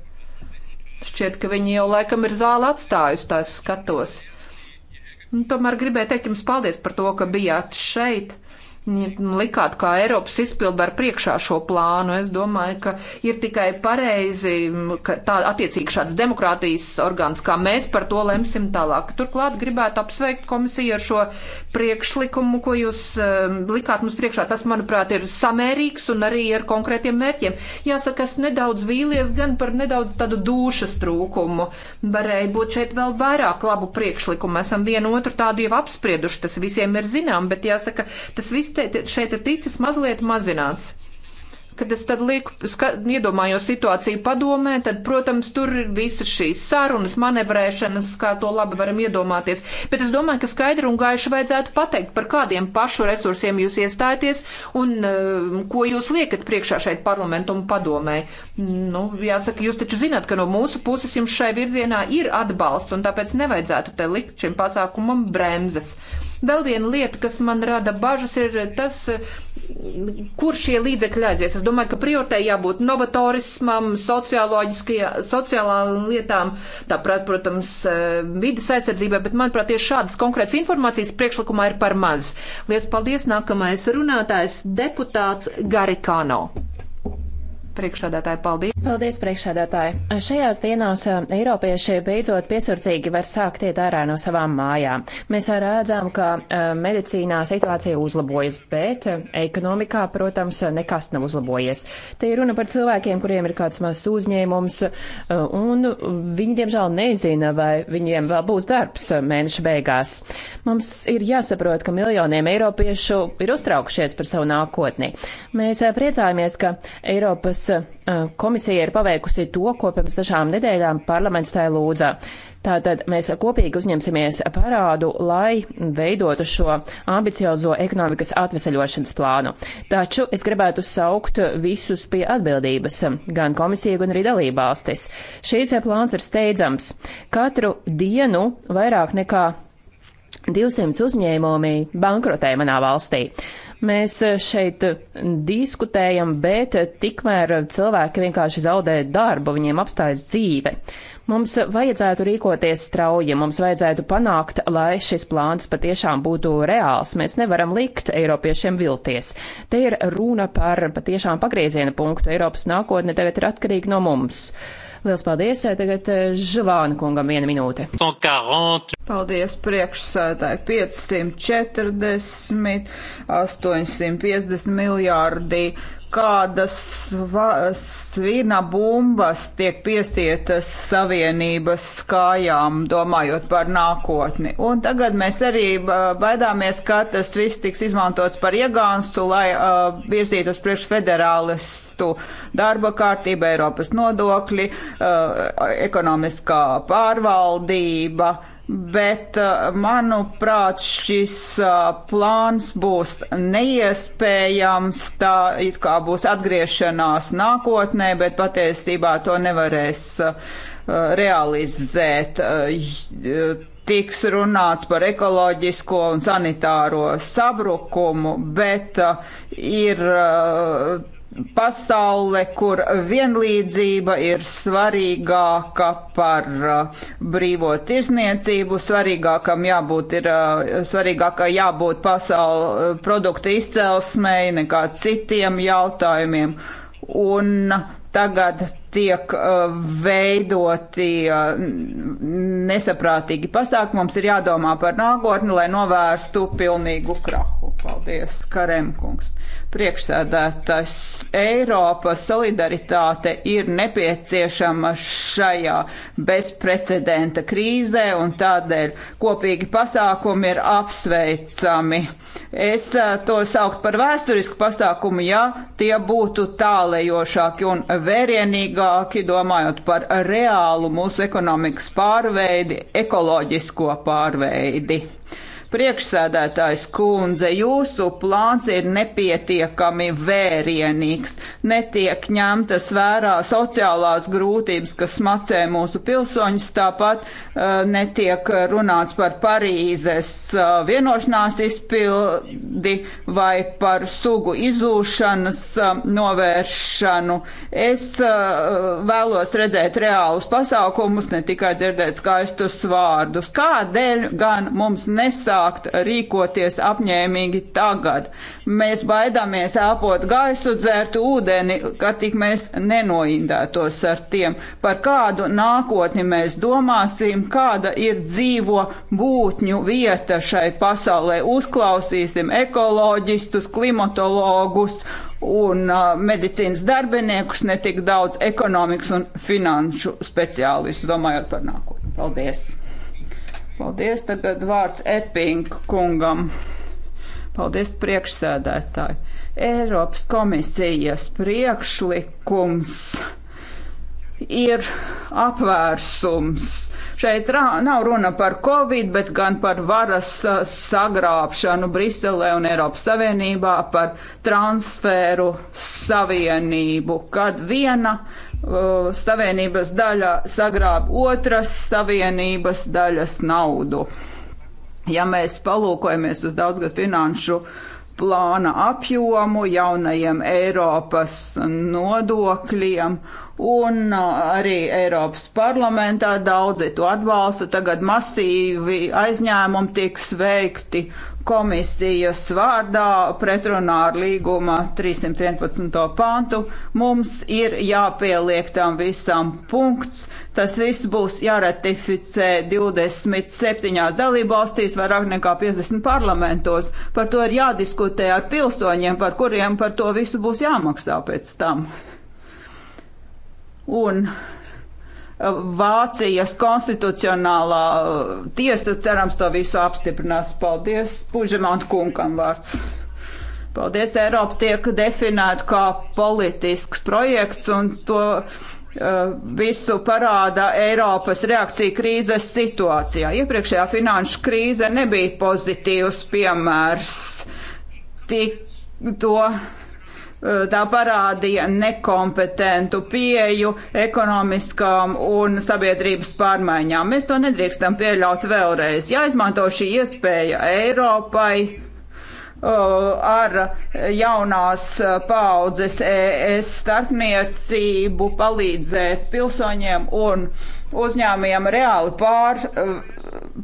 Šķiet, ka viņi jau laikam ir zāli atstājusi, tā es skatos. Un nu, tomēr gribēju teikt jums paldies par to, ka bijāt šeit likāt kā Eiropas izpildvar priekšā šo plānu. Es domāju, ka ir tikai pareizi, ka tā attiecīgi šāds demokrātijas orgāns kā mēs par to lemsim tālāk. Turklāt gribētu apsveikt komisiju ar šo priekšlikumu, ko jūs um, likāt mums priekšā. Tas, manuprāt, ir samērīgs un arī ar konkrētiem mērķiem. Jāsaka, es nedaudz vīlies gan par nedaudz tādu dušas trūkumu. Varēja būt šeit vēl vairāk labu priekšlikumu. Esam vienu otru tādu jau apsprieduši, tas visiem ir zinām, bet jāsaka, tas viss te, šeit ir ticis mazliet mazināts. Kad es tad lieku, ska, iedomājos situāciju padomē, tad, protams, tur ir visas šīs sarunas, manevrēšanas, kā to labi varam iedomāties. Bet es domāju, ka skaidri un gaiši vajadzētu pateikt, par kādiem pašu resursiem jūs iestājaties un uh, ko jūs liekat priekšā šeit parlamentu un padomē. Nu, jāsaka, jūs taču zināt, ka no mūsu puses jums šai virzienā ir atbalsts, un tāpēc nevajadzētu te likt šim pasākumam bremzes. Uh, Vēl viena lieta, kas man rada bažas, ir tas, kur šie līdzekļi aizies. Es domāju, ka prioritē jābūt novatorismam, sociālām lietām, tāprāt, protams, vidas aizsardzībai, bet, manuprāt, tieši šādas konkrētas informācijas priekšlikumā ir par maz. Lies paldies, nākamais runātājs deputāts Garikano. Priekšādātāji, paldies! Paldies, priekšādātāji! Šajās dienās eh, Eiropieši beidzot piesardzīgi var sākt iet ārā no savām mājām. Mēs redzam, ka eh, medicīnā situācija uzlabojas, bet eh, ekonomikā, protams, nekas nav uzlabojies. Te ir runa par cilvēkiem, kuriem ir kāds mazs uzņēmums, un viņi, diemžēl, nezina, vai viņiem vēl būs darbs mēneša beigās. Mums ir jāsaprot, ka miljoniem eiropiešu ir uztraukšies par savu nākotni. Mēs priecājamies, ka Eiropas Eh, komisija ir paveikusi to, ko pirms dažām nedēļām parlaments tā lūdza. Tātad mēs kopīgi uzņemsimies parādu, lai veidotu šo ambiciozo ekonomikas atveseļošanas plānu. Taču es gribētu saukt visus pie atbildības, gan komisiju, gan arī dalībvalstis. Šīs plāns ir steidzams. Katru dienu vairāk nekā 200 uzņēmumi bankrotē manā valstī. Mēs eh, šeit eh, diskutējam, bet eh, tikmēr cilvēki vienkārši zaudē darbu, viņiem apstājas dzīve. Mums vajadzētu rīkoties strauji, mums vajadzētu panākt, lai šis plāns patiešām būtu reāls. Mēs nevaram likt Eiropiešiem vilties. Te ir runa par patiešām pagrieziena punktu. Eiropas nākotne tagad ir atkarīga no mums. Uh, Lielas paldies! Tagad eh, Žvāna kungam viena minūte. 140. Paldies priekšsēdāji 540, 850 miljārdi kādas svina bumbas tiek piestietas savienības kājām, domājot par nākotni. Un tagad mēs arī uh, baidāmies, ka tas viss tiks izmantots par iegānstu, lai uh, virzītu uz priekšu federālistu darba kārtība, Eiropas nodokļi, uh, ekonomiskā pārvaldība. Uh, bet uh, manuprāt šis uh, plāns būs neiespējams, tā it kā būs atgriešanās nākotnē, bet patiesībā to nevarēs uh, realizēt. Tiks runāts par ekoloģisko un sanitāro sabrukumu, bet ir pasaule, kur vienlīdzība ir svarīgāka par uh, brīvo tirzniecību, svarīgākam jābūt ir, uh, svarīgākā jābūt pasaule produktu izcelsmei nekā citiem jautājumiem. Un tagad tiek uh, veidoti uh, nesaprātīgi pasākumi. Mums ir jādomā par nākotni, lai novērstu pilnīgu krahu. Paldies, Karemkungs. Priekšsēdētājs Eiropas solidaritāte ir nepieciešama šajā bezprecedenta krīzē un tādēļ kopīgi pasākumi ir apsveicami. Es uh, to saukt par vēsturisku pasākumu, ja tie būtu tālējošāki un vērienīgi svarīgāki, domājot par reālu mūsu ekonomikas pārveidi, ekoloģisko pārveidi. Uh, Priekšsēdētājs kundze, jūsu plāns ir nepietiekami vērienīgs, netiek ņemtas vērā sociālās grūtības, kas smacē mūsu pilsoņus, tāpat uh, netiek runāts par Parīzes uh, vienošanās izpildi vai par sugu izūšanas uh, eh, novēršanu. Es uh, vēlos redzēt reālus pasākumus, ne tikai dzirdēt skaistus vārdus. Kādēļ gan mums nesāk? sākt rīkoties apņēmīgi tagad. Mēs baidāmies elpot gaisu, dzērt ūdeni, ka tik mēs nenoindētos ar tiem. Par kādu nākotni mēs domāsim, kāda ir dzīvo būtņu vieta šai pasaulē. Uzklausīsim ekoloģistus, klimatologus un uh, medicīnas darbiniekus, ne tik daudz ekonomikas un finanšu speciālistus, domājot par nākotni. Paldies! Paldies, tagad vārds Epping kungam. Paldies, priekšsēdētāji. Eiropas komisijas priekšlikums ir apvērsums. Šeit nav runa par covid, bet gan par varas sagrābšanu Briselē un Eiropas Savienībā, par transferu savienību, kad viena Uh, savienības daļa sagrāb otras savienības daļas naudu. Ja mēs palūkojamies uz daudzgad finanšu plāna apjomu, jaunajiem Eiropas nodokļiem un uh, arī Eiropas parlamentā daudzi to atbalsta. Tagad masīvi aizņēmumi tiks veikti komisijas vārdā pretrunā ar līguma 311. pantu. Mums ir jāpieliek tam visam punkts. Tas viss būs jāratificē 27 dalībvalstīs, vairāk nekā 50 parlamentos. Par to ir jādiskutē ar pilsoņiem, par kuriem par to visu būs jāmaksā pēc tam un uh, Vācijas konstitucionālā uh, tiesa, cerams, to visu apstiprinās. Paldies Pužemant kungam vārds. Paldies, Eiropa tiek definēta kā politisks projekts un to uh, visu parāda Eiropas reakcija krīzes situācijā. Iepriekšējā finanšu krīze nebija pozitīvs piemērs. Tik to Eh, tā parādīja nekompetentu pieju ekonomiskām un sabiedrības pārmaiņām. Mēs to nedrīkstam pieļaut vēlreiz. Jāizmanto šī iespēja Eiropai eh, ar jaunās paudzes ES starpniecību palīdzēt pilsoņiem un uh, uzņēmējiem reāli pār,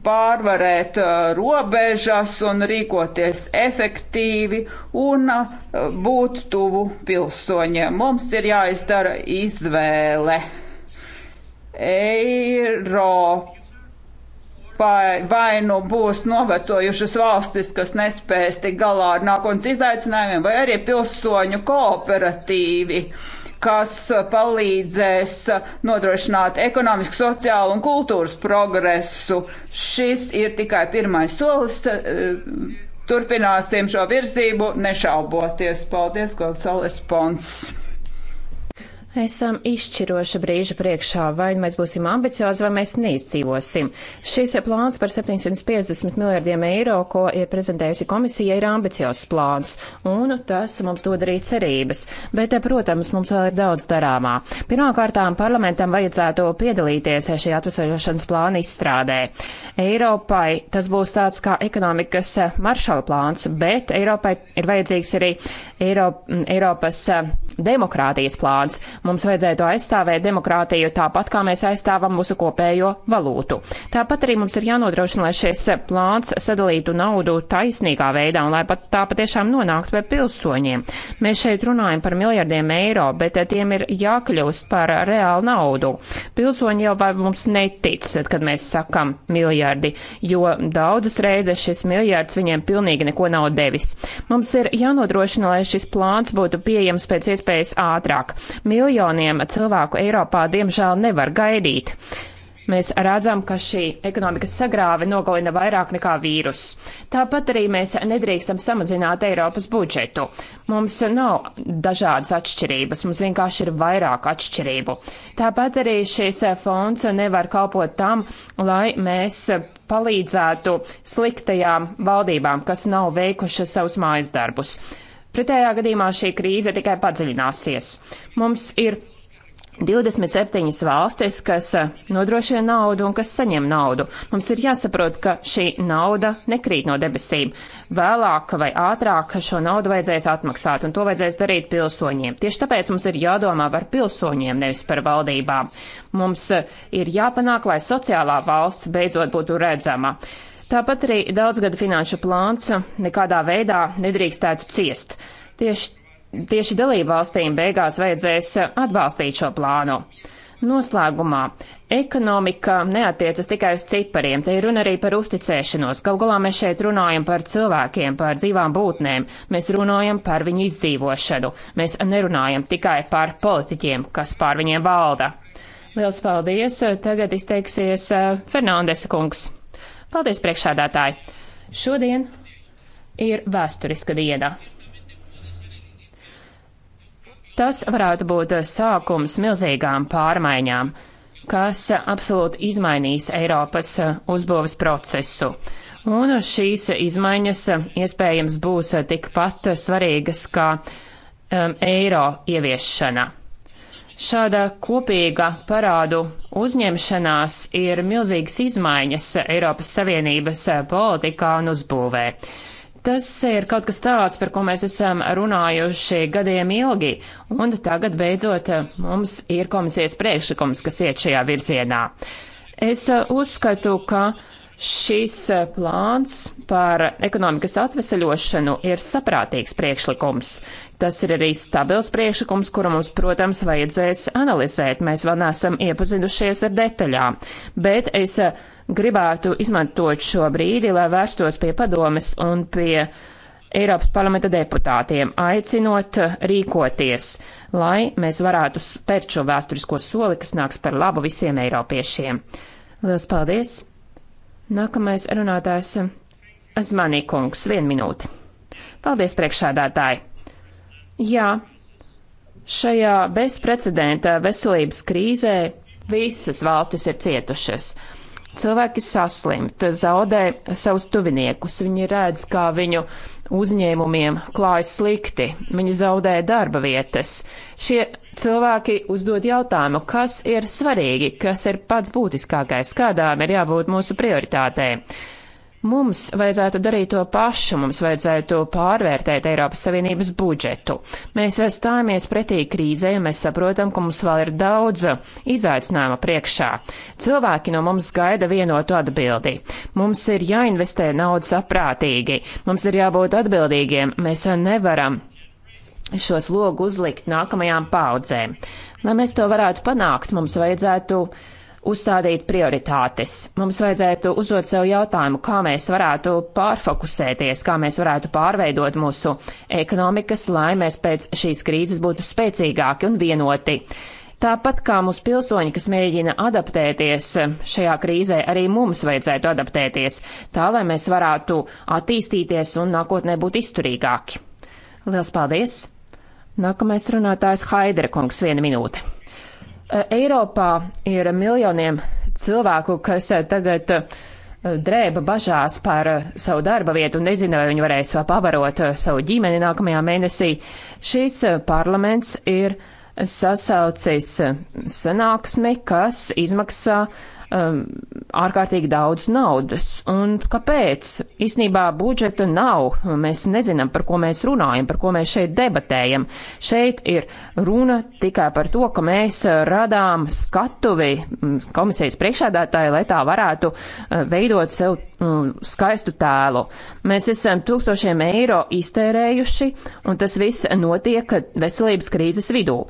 pārvarēt uh, robežas un rīkoties efektīvi un uh, būt tuvu pilsoņiem. Mums ir jāizdara izvēle. Eiropa vai nu būs novecojušas valstis, kas nespēs tik galā ar nākotnes izaicinājumiem, vai arī pilsoņu kooperatīvi. Uh, kas uh, palīdzēs uh, nodrošināt ekonomisku, sociālu un kultūras progresu. Šis ir tikai pirmais solis. Uh, turpināsim šo virzību, nešauboties. Paldies, Gonzales Pons! Esam izšķiroša brīža priekšā, vai mēs būsim ambiciozi, vai mēs neizdzīvosim. Šis plāns par 750 miljardiem eiro, ko ir prezentējusi komisija, ir ambiciozs plāns, un tas mums dod arī cerības. Bet, protams, mums vēl ir daudz darāmā. Pirmkārtām parlamentam vajadzētu piedalīties šī atvesaļošanas plāna izstrādē. Eiropai tas būs tāds kā ekonomikas maršala plāns, bet Eiropai ir vajadzīgs arī Eiro, Eiropas demokrātijas plāns. Mums vajadzētu aizstāvēt demokrātiju tāpat, kā mēs aizstāvam mūsu kopējo valūtu. Tāpat arī mums ir jānodrošina, lai šis plāns sadalītu naudu taisnīgā veidā un lai pat tā patiešām nonāktu pie pilsoņiem. Mēs šeit runājam par miljardiem eiro, bet tiem ir jākļūst par reālu naudu. Pilsoņi jau vai mums netic, kad mēs sakam miljardi, jo daudzas reizes šis miljards viņiem pilnīgi neko nav devis. Mums ir jānodrošina, lai šis plāns būtu pieejams pēc iespējas iespējas ātrāk. Miljoniem cilvēku Eiropā diemžēl nevar gaidīt. Mēs redzam, ka šī ekonomikas sagrāve nogalina vairāk nekā vīrus. Tāpat arī mēs nedrīkstam samazināt Eiropas budžetu. Mums nav dažādas atšķirības, mums vienkārši ir vairāk atšķirību. Tāpat arī šis fonds nevar kalpot tam, lai mēs palīdzētu sliktajām valdībām, kas nav veikušas savus mājas darbus. Pretējā gadījumā šī krīze tikai padziļināsies. Mums ir 27 valstis, kas eh, nodrošina naudu un kas saņem naudu. Mums ir jāsaprot, ka šī nauda nekrīt no debesīm. Vēlāk vai ātrāk šo naudu vajadzēs atmaksāt, un to vajadzēs darīt pilsoņiem. Tieši tāpēc mums ir jādomā par pilsoņiem, nevis par valdībām. Mums eh, ir jāpanāk, lai sociālā valsts beidzot būtu redzama. Tāpat arī daudzgada finanšu plāns nekādā veidā nedrīkstētu ciest. Tieši, tieši dalībvalstīm beigās vajadzēs atbalstīt šo plānu. Noslēgumā ekonomika neatiecas tikai uz cipariem, te ir runa arī par uzticēšanos. Galgulā mēs šeit runājam par cilvēkiem, par dzīvām būtnēm, mēs runājam par viņu izdzīvošanu, mēs nerunājam tikai par politiķiem, kas pār viņiem valda. Liels paldies! Tagad izteiksies eh, Fernandesa kungs. Paldies, priekšādātāji! Šodien ir vēsturiska diena. Tas varētu būt sākums milzīgām pārmaiņām, kas absolūti izmainīs Eiropas uzbūves procesu. Un šīs izmaiņas iespējams būs tikpat svarīgas kā um, eiro ieviešana. Šāda kopīga parādu uzņemšanās ir milzīgas izmaiņas Eiropas Savienības eh, politikā un uzbūvē. Tas ir kaut kas tāds, par ko mēs esam runājuši gadiem ilgi, un tagad beidzot eh, mums ir komisijas priekšlikums, kas iet šajā virzienā. Es eh, uzskatu, ka uh, Šis eh, plāns par ekonomikas atveseļošanu ir saprātīgs priekšlikums. Tas ir arī stabils priekšlikums, kuru mums, protams, vajadzēs analizēt. Mēs vēl neesam iepazinušies ar detaļām, bet es eh, gribētu izmantot šo brīdi, lai vērstos pie padomes un pie Eiropas parlamenta deputātiem, aicinot eh, rīkoties, lai mēs varētu spērt šo vēsturisko soli, kas nāks par labu visiem eiropiešiem. Lielas paldies! Nākamais runātājs Zmanī kungs, vien minūte. Paldies, priekšādātāji! Jā, šajā bezprecedenta veselības krīzē visas valstis ir cietušas. Cilvēki saslimst, zaudē savus tuviniekus, viņi redz, kā viņu uzņēmumiem klājas slikti, viņi zaudē darba vietas. Šie cilvēki uzdod jautājumu, kas ir svarīgi, kas ir pats būtiskākais, kādām ir jābūt mūsu prioritātēm. Mums vajadzētu darīt to pašu, mums vajadzētu pārvērtēt Eiropas Savienības budžetu. Mēs stājamies pretī krīzē, un mēs saprotam, ka mums vēl ir daudz izaicinājuma priekšā. Cilvēki no mums gaida vienotu atbildi. Mums ir jāinvestē naudu saprātīgi, mums ir jābūt atbildīgiem, mēs nevaram šo slogu uzlikt nākamajām paudzēm. Lai mēs to varētu panākt, mums vajadzētu uzstādīt prioritātes. Mums vajadzētu uzdot sev jautājumu, kā mēs varētu pārfokusēties, kā mēs varētu pārveidot mūsu ekonomikas, lai mēs pēc šīs krīzes būtu spēcīgāki un vienoti. Tāpat kā mūsu pilsoņi, kas mēģina adaptēties šajā krīzē, arī mums vajadzētu adaptēties, tā lai mēs varētu attīstīties un nākotnē būt izturīgāki. Lielas paldies! Nākamais runātājs Haidere kungs, viena minūte. E, Eiropā ir miljoniem cilvēku, kas e, tagad e, drēba bažās par savu darba vietu un nezina, vai viņi varēs pavarot savu ģimeni nākamajā mēnesī. Šīs parlaments ir sasaucis sanāksmi, kas izmaksā uh, um, ārkārtīgi daudz naudas. Un kāpēc? Īsnībā budžeta nav. Mēs nezinām, par ko mēs runājam, par ko mēs šeit debatējam. Šeit ir runa tikai par to, ka mēs uh, radām skatuvi mm, komisijas priekšādātāji, lai tā varētu uh, veidot sev mm, skaistu tēlu. Mēs esam tūkstošiem eiro iztērējuši, un tas viss notiek veselības krīzes vidū.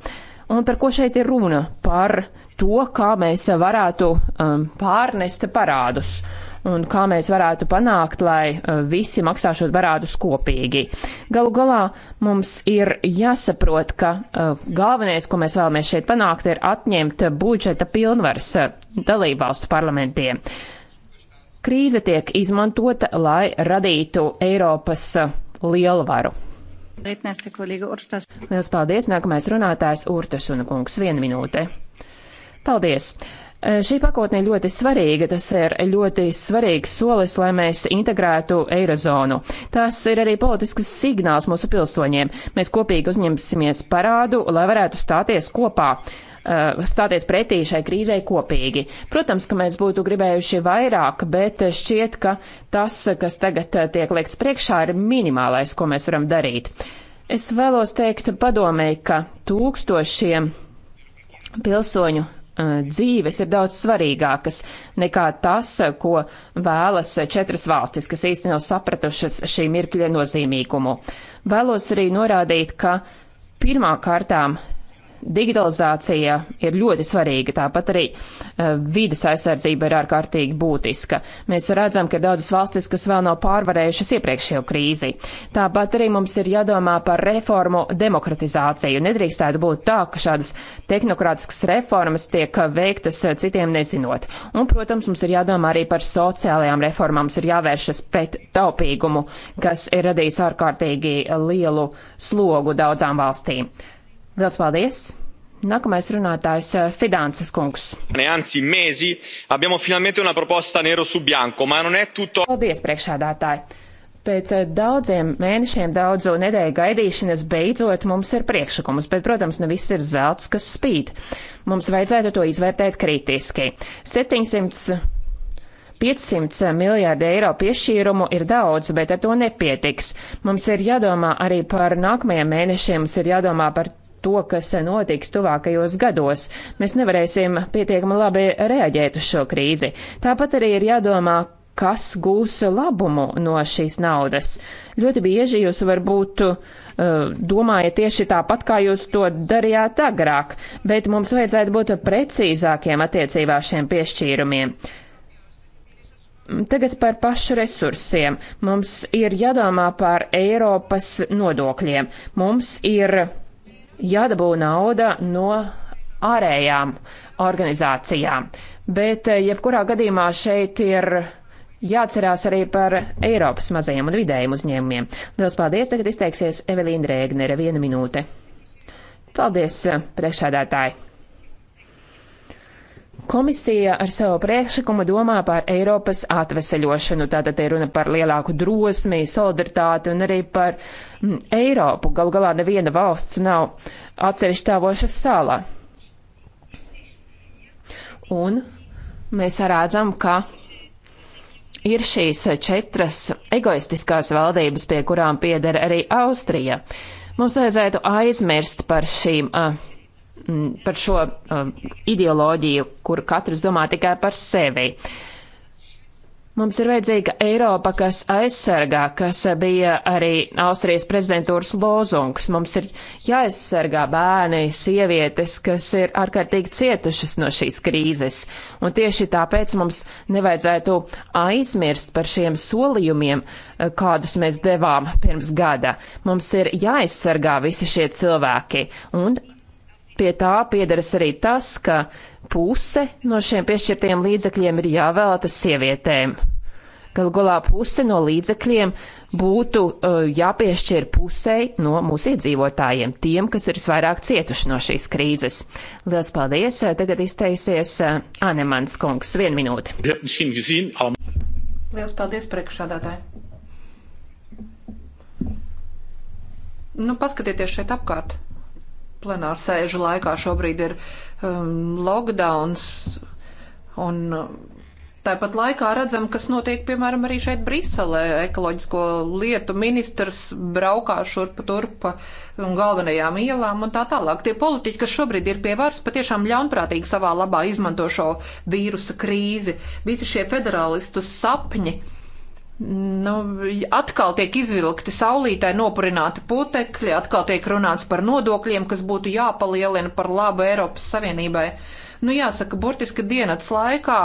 Un par ko šeit ir runa? Par to, kā mēs varētu um, pārnest parādus un kā mēs varētu panākt, lai uh, visi maksā šos parādus kopīgi. Galu galā mums ir jāsaprot, ka uh, galvenais, ko mēs vēlamies šeit panākt, ir atņemt budžeta pilnvaras uh, dalībvalstu parlamentiem. Krīze tiek izmantota, lai radītu Eiropas lielvaru. Lielas paldies! Nākamais runātājs Urtas un kungs. Viena minūte. Paldies! Eh, šī pakotne ir ļoti svarīga. Tas ir ļoti svarīgs solis, lai mēs integrētu eirozonu. Tas ir arī politisks signāls mūsu pilsoņiem. Mēs kopīgi uzņemsimies parādu, lai varētu stāties kopā. Eh, stāties pretī šai krīzei kopīgi. Protams, ka mēs būtu gribējuši vairāk, bet šķiet, ka tas, kas tagad eh, tiek liekts priekšā, ir minimālais, ko mēs varam darīt. Es vēlos teikt padomēji, ka tūkstošiem pilsoņu eh, dzīves ir daudz svarīgākas nekā tas, ko vēlas četras valstis, kas īsti nav sapratušas šī mirkļa nozīmīgumu. Vēlos arī norādīt, ka pirmā kārtām Digitalizācija ir ļoti svarīga, tāpat arī eh, vides aizsardzība ir ārkārtīgi būtiska. Mēs redzam, ka ir daudzas valstis, kas vēl nav pārvarējušas iepriekšējo krīzi. Tāpat arī mums ir jādomā par reformu demokratizāciju. Nedrīkstētu būt tā, ka šādas tehnokrātiskas reformas tiek veiktas eh, citiem nezinot. Un, protams, mums ir jādomā arī par sociālajām reformām. Mums ir jāvēršas pret taupīgumu, kas ir radījis ārkārtīgi eh, lielu slogu daudzām valstīm. Lielas paldies! Nākamais runātājs eh, - Fidanses kungs. Neanzi mēzi, abbiamo finalmente una proposta nero su bianco, ma non è tutto. Paldies, priekšādātāji! Pēc eh, daudziem mēnešiem, daudzu nedēļu gaidīšanas beidzot mums ir priekšlikums, bet, protams, ne viss ir zelts, kas spīd. Mums vajadzētu to izvērtēt kritiski. 700 500 miljārdi eiro piešķīrumu ir daudz, bet ar to nepietiks. Mums ir jādomā arī par nākamajiem mēnešiem, mums ir jādomā par to, kas notiks tuvākajos gados. Mēs nevarēsim pietiekami labi reaģēt uz šo krīzi. Tāpat arī ir jādomā, kas gūs labumu no šīs naudas. Ļoti bieži jūs varbūt uh, domājat tieši tāpat, kā jūs to darījāt agrāk, bet mums vajadzētu būt precīzākiem attiecībā šiem piešķīrumiem. Tagad par pašu resursiem. Mums ir jādomā par Eiropas nodokļiem. Mums ir jādabū nauda no ārējām organizācijām. Bet eh, jebkurā gadījumā šeit ir jāatcerās arī par Eiropas mazajiem un vidējiem uzņēmumiem. Lielas paldies, tagad izteiksies Evelīna Rēgnere, viena minūte. Paldies, eh, priekšādātāji! Komisija ar savu priekšlikumu domā par Eiropas atveseļošanu, tātad ir runa par lielāku drosmi, solidaritāti un arī par uh, Mm, Eiropu. Galu galā neviena valsts nav atsevišķi tāvoša salā. Un mēs redzam, ka ir šīs četras egoistiskās valdības, pie kurām pieder arī Austrija. Mums vajadzētu aizmirst par šīm. Mm, par šo um, ideoloģiju, kur katrs domā tikai par sevi. Uh, Mums ir vajadzīga Eiropa, kas aizsargā, kas bija arī Austrijas prezidentūras lozungs. Mums ir jāaizsargā bērni, sievietes, kas ir ārkārtīgi cietušas no šīs krīzes. Un tieši tāpēc mums nevajadzētu aizmirst par šiem solījumiem, eh, kādus mēs devām pirms gada. Mums ir jāaizsargā visi šie cilvēki. Un Pie tā piederas arī tas, ka puse no šiem piešķirtajiem līdzekļiem ir jāvēlata sievietēm. Galu galā puse no līdzekļiem būtu uh, jāpiešķir pusei no mūsu iedzīvotājiem, tiem, kas ir visvairāk cietuši no šīs krīzes. Lielas paldies! Tagad izteiksies uh, Anemans kungs. Vienu minūti. Lielas paldies, priekšādātāji! Nu, paskatieties šeit apkārt! plenāru sēžu laikā šobrīd ir um, lockdowns. Un tāpat laikā redzam, kas notiek, piemēram, arī šeit Briselē. Ekoloģisko lietu ministrs braukā šurpa turpa un galvenajām ielām un tā tālāk. Tie politiķi, kas šobrīd ir pie varas, patiešām ļaunprātīgi savā labā izmanto šo vīrusa krīzi. Visi šie federālistu sapņi Nu, atkal tiek izvilkti saulītē nopurināti putekļi, atkal tiek runāts par nodokļiem, kas būtu jāpalielina par labu Eiropas Savienībai. Uh, Nu, jāsaka, burtiski dienas laikā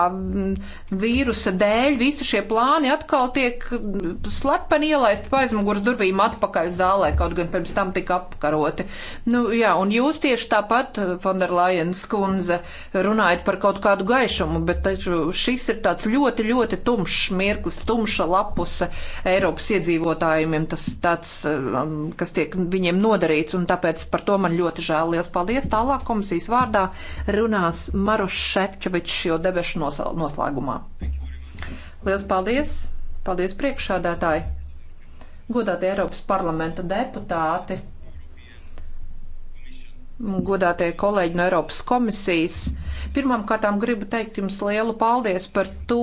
vīrusa dēļ visi šie plāni atkal tiek slepeni ielaisti pa aizmugurs durvīm atpakaļ zālē, kaut gan pirms tam tika apkaroti. Nu, jā, un jūs tieši tāpat, Fonderlajens kundze, runājat par kaut kādu gaišumu, bet taču šis ir tāds ļoti, ļoti tumšs mirklis, tumša lapuse Eiropas iedzīvotājiem. Tas tāds, kas tiek viņiem nodarīts, un tāpēc par to man ļoti žēl. Lielas paldies! Tālāk komisijas vārdā runās Maroš Šefčovičs šo debešu noslēgumā. Lielas paldies! Paldies priekšādātāji! Godātie Eiropas parlamenta deputāti! Godātie kolēģi no Eiropas komisijas! Pirmkārt, gribu teikt jums lielu paldies par to,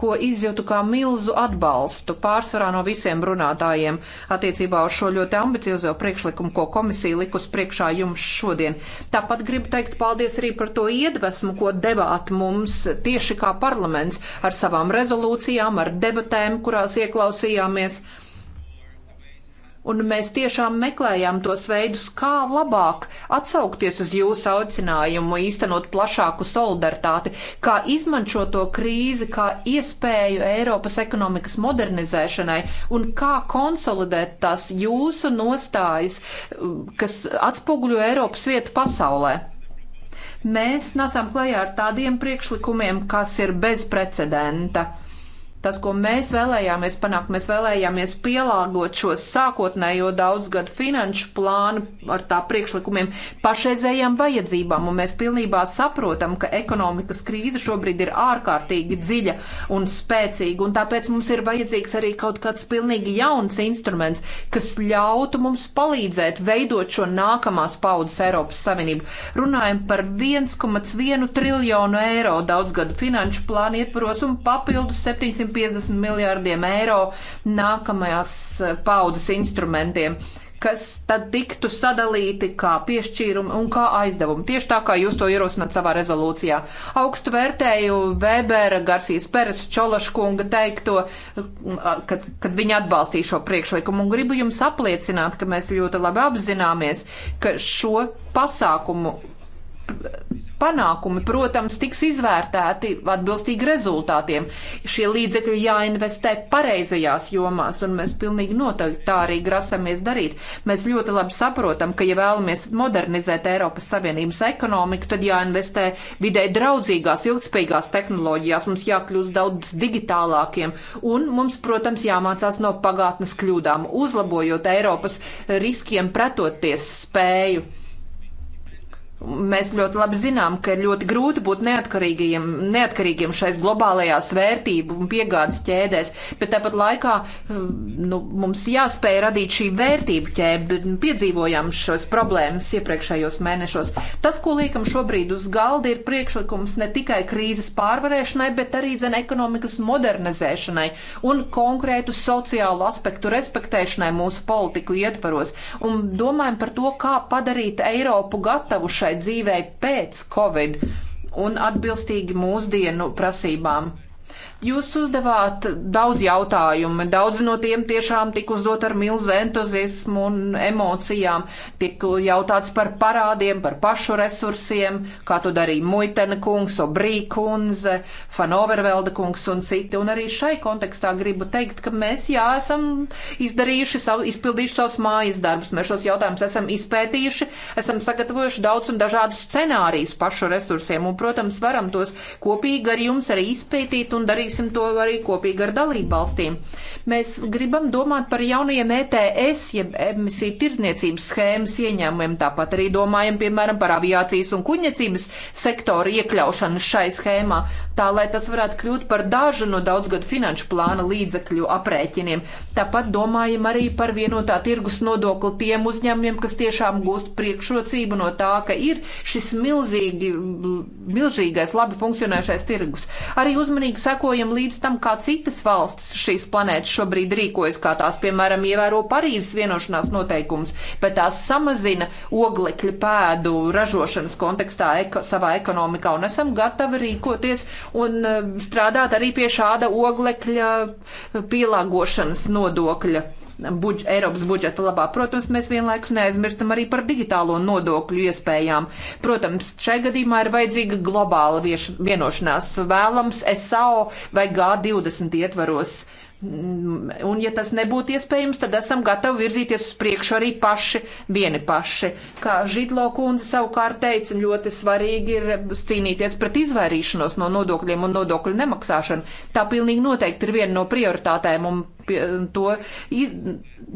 ko izjūtu kā milzu atbalstu pārsvarā no visiem runātājiem attiecībā uz šo ļoti ambiciozo priekšlikumu, ko komisija likus priekšā jums šodien. Tāpat gribu teikt paldies arī par to iedvesmu, ko devāt mums tieši kā parlaments ar savām rezolūcijām, ar debatēm, kurās ieklausījāmies un mēs tiešām meklējām tos veidus, kā labāk atsaukties uz jūsu aicinājumu, īstenot plašāku solidaritāti, kā izmantot to krīzi, kā iespēju Eiropas ekonomikas modernizēšanai un kā konsolidēt tās jūsu nostājas, kas atspoguļo Eiropas vietu pasaulē mēs nācām klajā ar tādiem priekšlikumiem, kas ir bez precedenta. Tas, ko mēs vēlējāmies panākt, mēs vēlējāmies pielāgot šo sākotnējo daudzgadu finanšu plānu ar tā priekšlikumiem pašreizējām vajadzībām, un mēs pilnībā saprotam, ka ekonomikas krīze šobrīd ir ārkārtīgi dziļa un spēcīga, un tāpēc mums ir vajadzīgs arī kaut kāds pilnīgi jauns instruments, kas ļautu mums palīdzēt veidot šo nākamās paudzes Eiropas Savienību. Runājam par 1,1 triljonu eiro daudzgadu finanšu plānu ietvaros un papildus 700. 250 miljārdiem eiro nākamajās eh, paudas instrumentiem kas tad tiktu sadalīti kā piešķīrumi un kā aizdevumi. Tieši tā, kā jūs to ierosināt savā rezolūcijā. Augstu vērtēju Webera, Garcijas Peres, Čolaškunga teikto, kad, kad viņi atbalstīja šo priekšlikumu. Un gribu jums apliecināt, ka mēs ļoti labi apzināmies, ka šo pasākumu panākumi, protams, tiks izvērtēti atbilstīgi rezultātiem. Šie līdzekļi jāinvestē pareizajās jomās, un mēs pilnīgi noteikti tā arī grasamies darīt. Mēs ļoti labi saprotam, ka, ja vēlamies modernizēt Eiropas Savienības ekonomiku, tad jāinvestē vidē draudzīgās, ilgspējīgās tehnoloģijās, mums jākļūst daudz digitālākiem, un mums, protams, jāmācās no pagātnes kļūdām, uzlabojot Eiropas riskiem pretoties spēju. Mēs ļoti labi zinām, ka ir ļoti grūti būt neatkarīgiem, neatkarīgiem šais globālajās vērtību un piegādes ķēdēs, bet tāpat laikā um, nu, mums jāspēj radīt šī vērtību ķēde. Nu, piedzīvojām šos problēmas iepriekšējos mēnešos. Tas, ko liekam šobrīd uz galda, ir priekšlikums ne tikai krīzes pārvarēšanai, bet arī dzen ekonomikas modernizēšanai un konkrētu sociālu aspektu respektēšanai mūsu politiku ietvaros. Un domājam par to, kā padarīt Eiropu gatavu šai dzīvei pēc Covid un atbilstīgi mūsdienu prasībām. Jūs uzdevāt daudz jautājumu, daudz no tiem tiešām tika uzdot ar milzu entuziasmu un emocijām. Tika jautāts par parādiem, par pašu resursiem, kā to darīja Muitena kungs, Obrī kundze, Fanovervelda kungs un citi. Un arī šai kontekstā gribu teikt, ka mēs jā, esam izdarījuši, savu, izpildījuši savus mājas darbus. Mēs šos jautājumus esam izpētījuši, esam sagatavojuši daudz un dažādus scenārijus pašu resursiem. Un, protams, varam tos kopīgi ar jums arī izpētīt un darīt darīsim to arī kopīgi ar dalību valstīm. Mēs gribam domāt par jaunajiem ETS, jeb emisiju tirdzniecības schēmas ieņēmumiem, tāpat arī domājam, piemēram, par aviācijas un kuģniecības sektoru iekļaušanu šai schēmā tā lai tas varētu kļūt par dažu no daudzgadu finanšu plāna līdzakļu aprēķiniem. Tāpat domājam arī par vienotā tirgus nodokli tiem uzņēmumiem, kas tiešām gūst priekšrocību no tā, ka ir šis milzīgi, milzīgais, labi funkcionējušais tirgus. Arī uzmanīgi sekojam līdz tam, kā citas valstis šīs planētas šobrīd rīkojas, kā tās, piemēram, ievēro Parīzes vienošanās noteikumus, bet tās samazina oglekļa pēdu ražošanas kontekstā eko, savā ekonomikā un esam gatavi rīkoties un eh, strādāt arī pie šāda oglekļa eh, pielāgošanas nodokļa. Budž, Eiropas budžeta labā. Protams, mēs vienlaikus neaizmirstam arī par digitālo nodokļu iespējām. Protams, šai gadījumā ir vajadzīga globāla vieš, vienošanās vēlams SAO vai G20 ietvaros uh, Mm, un, ja tas nebūtu iespējams, tad esam gatavi virzīties uz priekšu arī paši, vieni paši. Kā Židlo kundze savukārt teica, ļoti svarīgi ir cīnīties pret izvairīšanos no nodokļiem un nodokļu nemaksāšanu. Tā pilnīgi noteikti ir viena no prioritātēm, un pie, to i,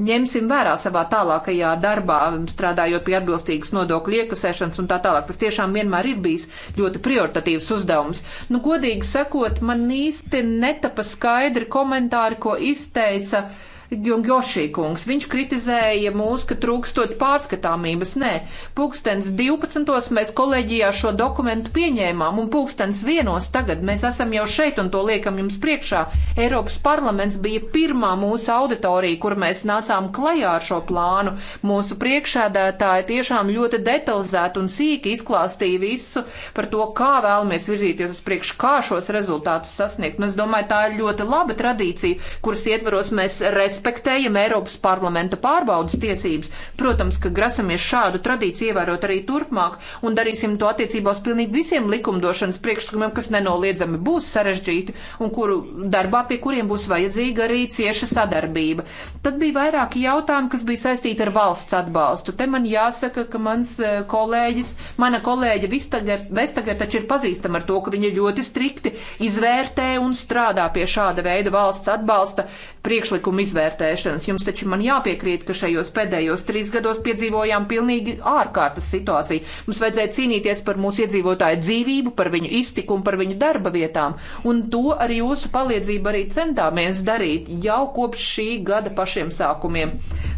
ņemsim vērā savā tālākajā darbā, strādājot pie atbilstīgas nodokļu iekasēšanas un tā tālāk. Tas tiešām vienmēr ir bijis ļoti prioritatīvs uzdevums. Nu, godīgi sakot, man īsti netapa skaidri komentāri, ko izteica uh, Gjošī kungs. Viņš kritizēja mūs, ka trūkstot pārskatāmības. Nē, pulkstens 12. mēs kolēģijā šo dokumentu pieņēmām, un pulkstens 1. tagad mēs esam jau šeit, un to liekam jums priekšā. Eiropas parlaments bija pirmā mūsu auditorija, kur mēs nācām klajā ar šo plānu. Mūsu priekšēdētāji tiešām ļoti detalizēti un sīki izklāstīja visu par to, kā vēlamies virzīties uz priekšu, kā šos rezultātus sasniegt. Un es domāju, tā ir ļoti laba tradīcija, kuras ietvaros mēs respektējam respektējam Eiropas parlamenta pārbaudas tiesības. Protams, ka grasamies šādu tradīciju ievērot arī turpmāk un darīsim to attiecībā uz pilnīgi visiem likumdošanas priekšlikumiem, kas nenoliedzami būs sarežģīti un kuru darbā pie kuriem būs vajadzīga arī cieša sadarbība. Tad bija vairāki jautājumi, kas bija saistīti ar valsts atbalstu. Te man jāsaka, ka mans eh, kolēģis, mana kolēģa Vestager taču ir pazīstama ar to, ka viņa ļoti strikti izvērtē un strādā pie šāda veida valsts atbalsta priekšlikumu izvērtējumu izvērtēšanas. Jums taču man jāpiekrīt, ka šajos pēdējos trīs gados piedzīvojām pilnīgi ārkārtas situāciju. Mums vajadzēja cīnīties par mūsu iedzīvotāju dzīvību, par viņu iztikumu, par viņu darba vietām. Un to ar jūsu palīdzību arī centāmies darīt jau kopš šī gada pašiem sākumiem.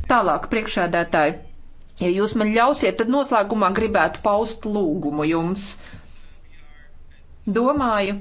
Tālāk, priekšēdētāji, ja jūs man ļausiet, tad noslēgumā gribētu paust lūgumu jums. Domāju,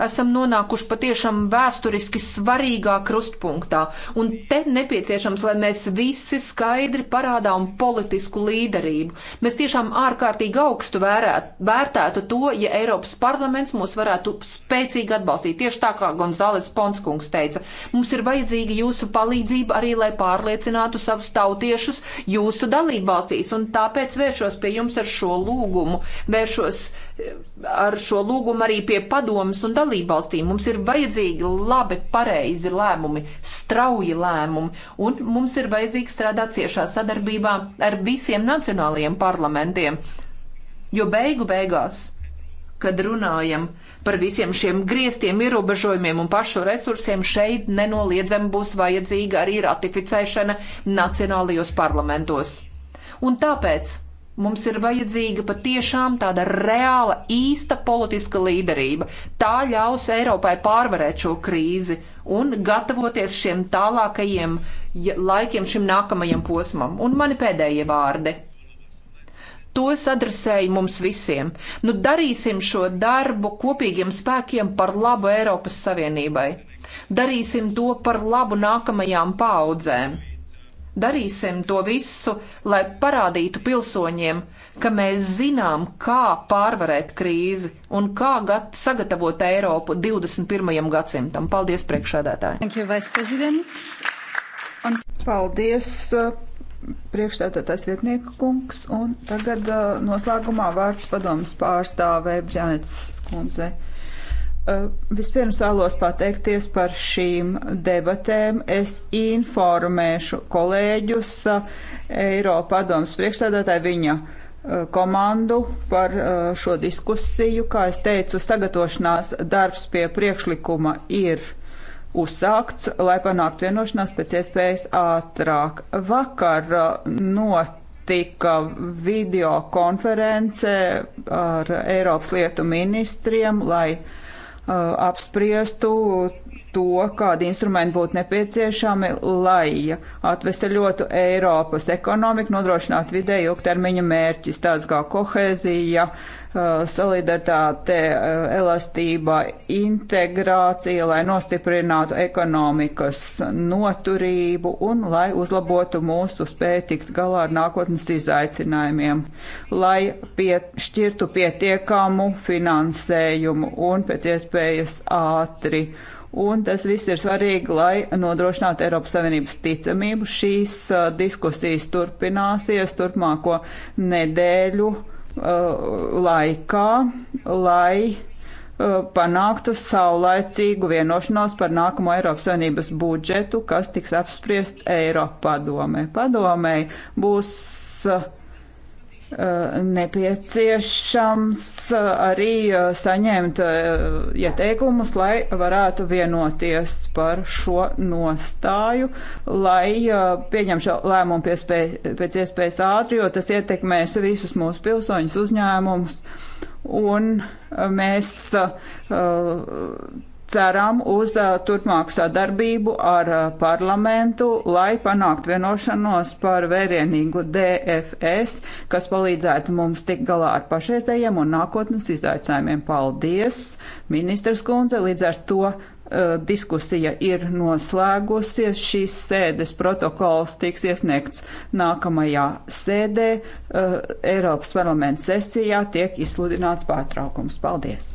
esam nonākuši patiešām vēsturiski svarīgā krustpunktā, un te nepieciešams, lai mēs visi skaidri parādām politisku līderību. Mēs tiešām ārkārtīgi augstu vērēt, vērtētu to, ja Eiropas parlaments mūs varētu spēcīgi atbalstīt, tieši tā kā Gonzales Ponskungs teica. Mums ir vajadzīga jūsu palīdzība arī, lai pārliecinātu savus tautiešus jūsu dalību valstīs, un tāpēc vēršos pie jums ar šo lūgumu, vēršos eh, ar šo lūgumu arī pie padomas un dalību dalībvalstīm. Mums ir vajadzīgi labi, pareizi lēmumi, strauji lēmumi, un mums ir vajadzīgi strādāt ciešā sadarbībā ar visiem nacionālajiem parlamentiem. Jo beigu beigās, kad runājam par visiem šiem grieztiem ierobežojumiem un pašu resursiem, šeit nenoliedzami būs vajadzīga arī ratificēšana nacionālajos parlamentos. Un tāpēc Mums ir vajadzīga patiešām tāda reāla, īsta politiska līderība. Tā ļaus Eiropai pārvarēt šo krīzi un gatavoties šiem tālākajiem laikiem, šim nākamajam posmam. Un mani pēdējie vārdi. Tos adresēju mums visiem. Nu, darīsim šo darbu kopīgiem spēkiem par labu Eiropas Savienībai. Darīsim to par labu nākamajām paudzēm Darīsim to visu, lai parādītu pilsoņiem, ka mēs zinām, kā pārvarēt krīzi un kā gat, sagatavot Eiropu 21. gadsimtam. Paldies, priekšsēdētāji! Thank you, Vice President! Un... Paldies, uh, priekšsēdētājs vietnieku kungs, un tagad uh, noslēgumā vārds padomas pārstāvē Bļanets kundzei. Eh, vispirms vēlos pateikties par šīm debatēm. Es informēšu kolēģus eh, Eiropadomas priekšsēdētāju viņa eh, komandu par šo diskusiju. Kā es teicu, sagatavošanās darbs pie priekšlikuma ir uzsākts, lai panāktu vienošanās pēc iespējas ātrāk. Vakar not notika video konference ar Eiropas lietu ministriem, lai Uh, apspriestu to, kādi instrumenti būtu nepieciešami, lai atveseļotu Eiropas ekonomiku, nodrošinātu vidē ilgtermiņa mērķis, tāds kā kohēzija, uh, solidaritāte, uh, elastība, integrācija, lai nostiprinātu ekonomikas noturību un lai uzlabotu mūsu spēju tikt galā ar nākotnes izaicinājumiem, lai piešķirtu pietiekamu finansējumu un pēc iespējas ātri. Uh, Un tas viss ir svarīgi, lai nodrošinātu Eiropas Savienības ticamību. Šīs uh, diskusijas turpināsies turpmāko nedēļu uh, laikā, lai uh, panāktu saulaicīgu vienošanos par nākamo Eiropas Savienības budžetu, kas tiks apspriests Eiropa padomē. Padomē būs uh, Eh, nepieciešams eh, arī eh, saņemt ieteikumus, lai varētu vienoties par šo nostāju, lai pieņem šo lēmumu piespēj, pēc iespējas ātri, jo tas ietekmēs visus mūsu pilsoņus uzņēmumus. Un mēs uh, ceram uz turpmāku sadarbību ar parlamentu, lai panāktu vienošanos par vērienīgu DFS, kas palīdzētu mums tikt galā ar pašreizējiem un nākotnes izaicinājumiem. Paldies, ministrs kundze, līdz ar to uh, diskusija ir noslēgusies. Šīs sēdes protokols tiks iesniegts nākamajā sēdē. Uh, Eiropas parlamenta sesijā tiek izsludināts pārtraukums. Paldies!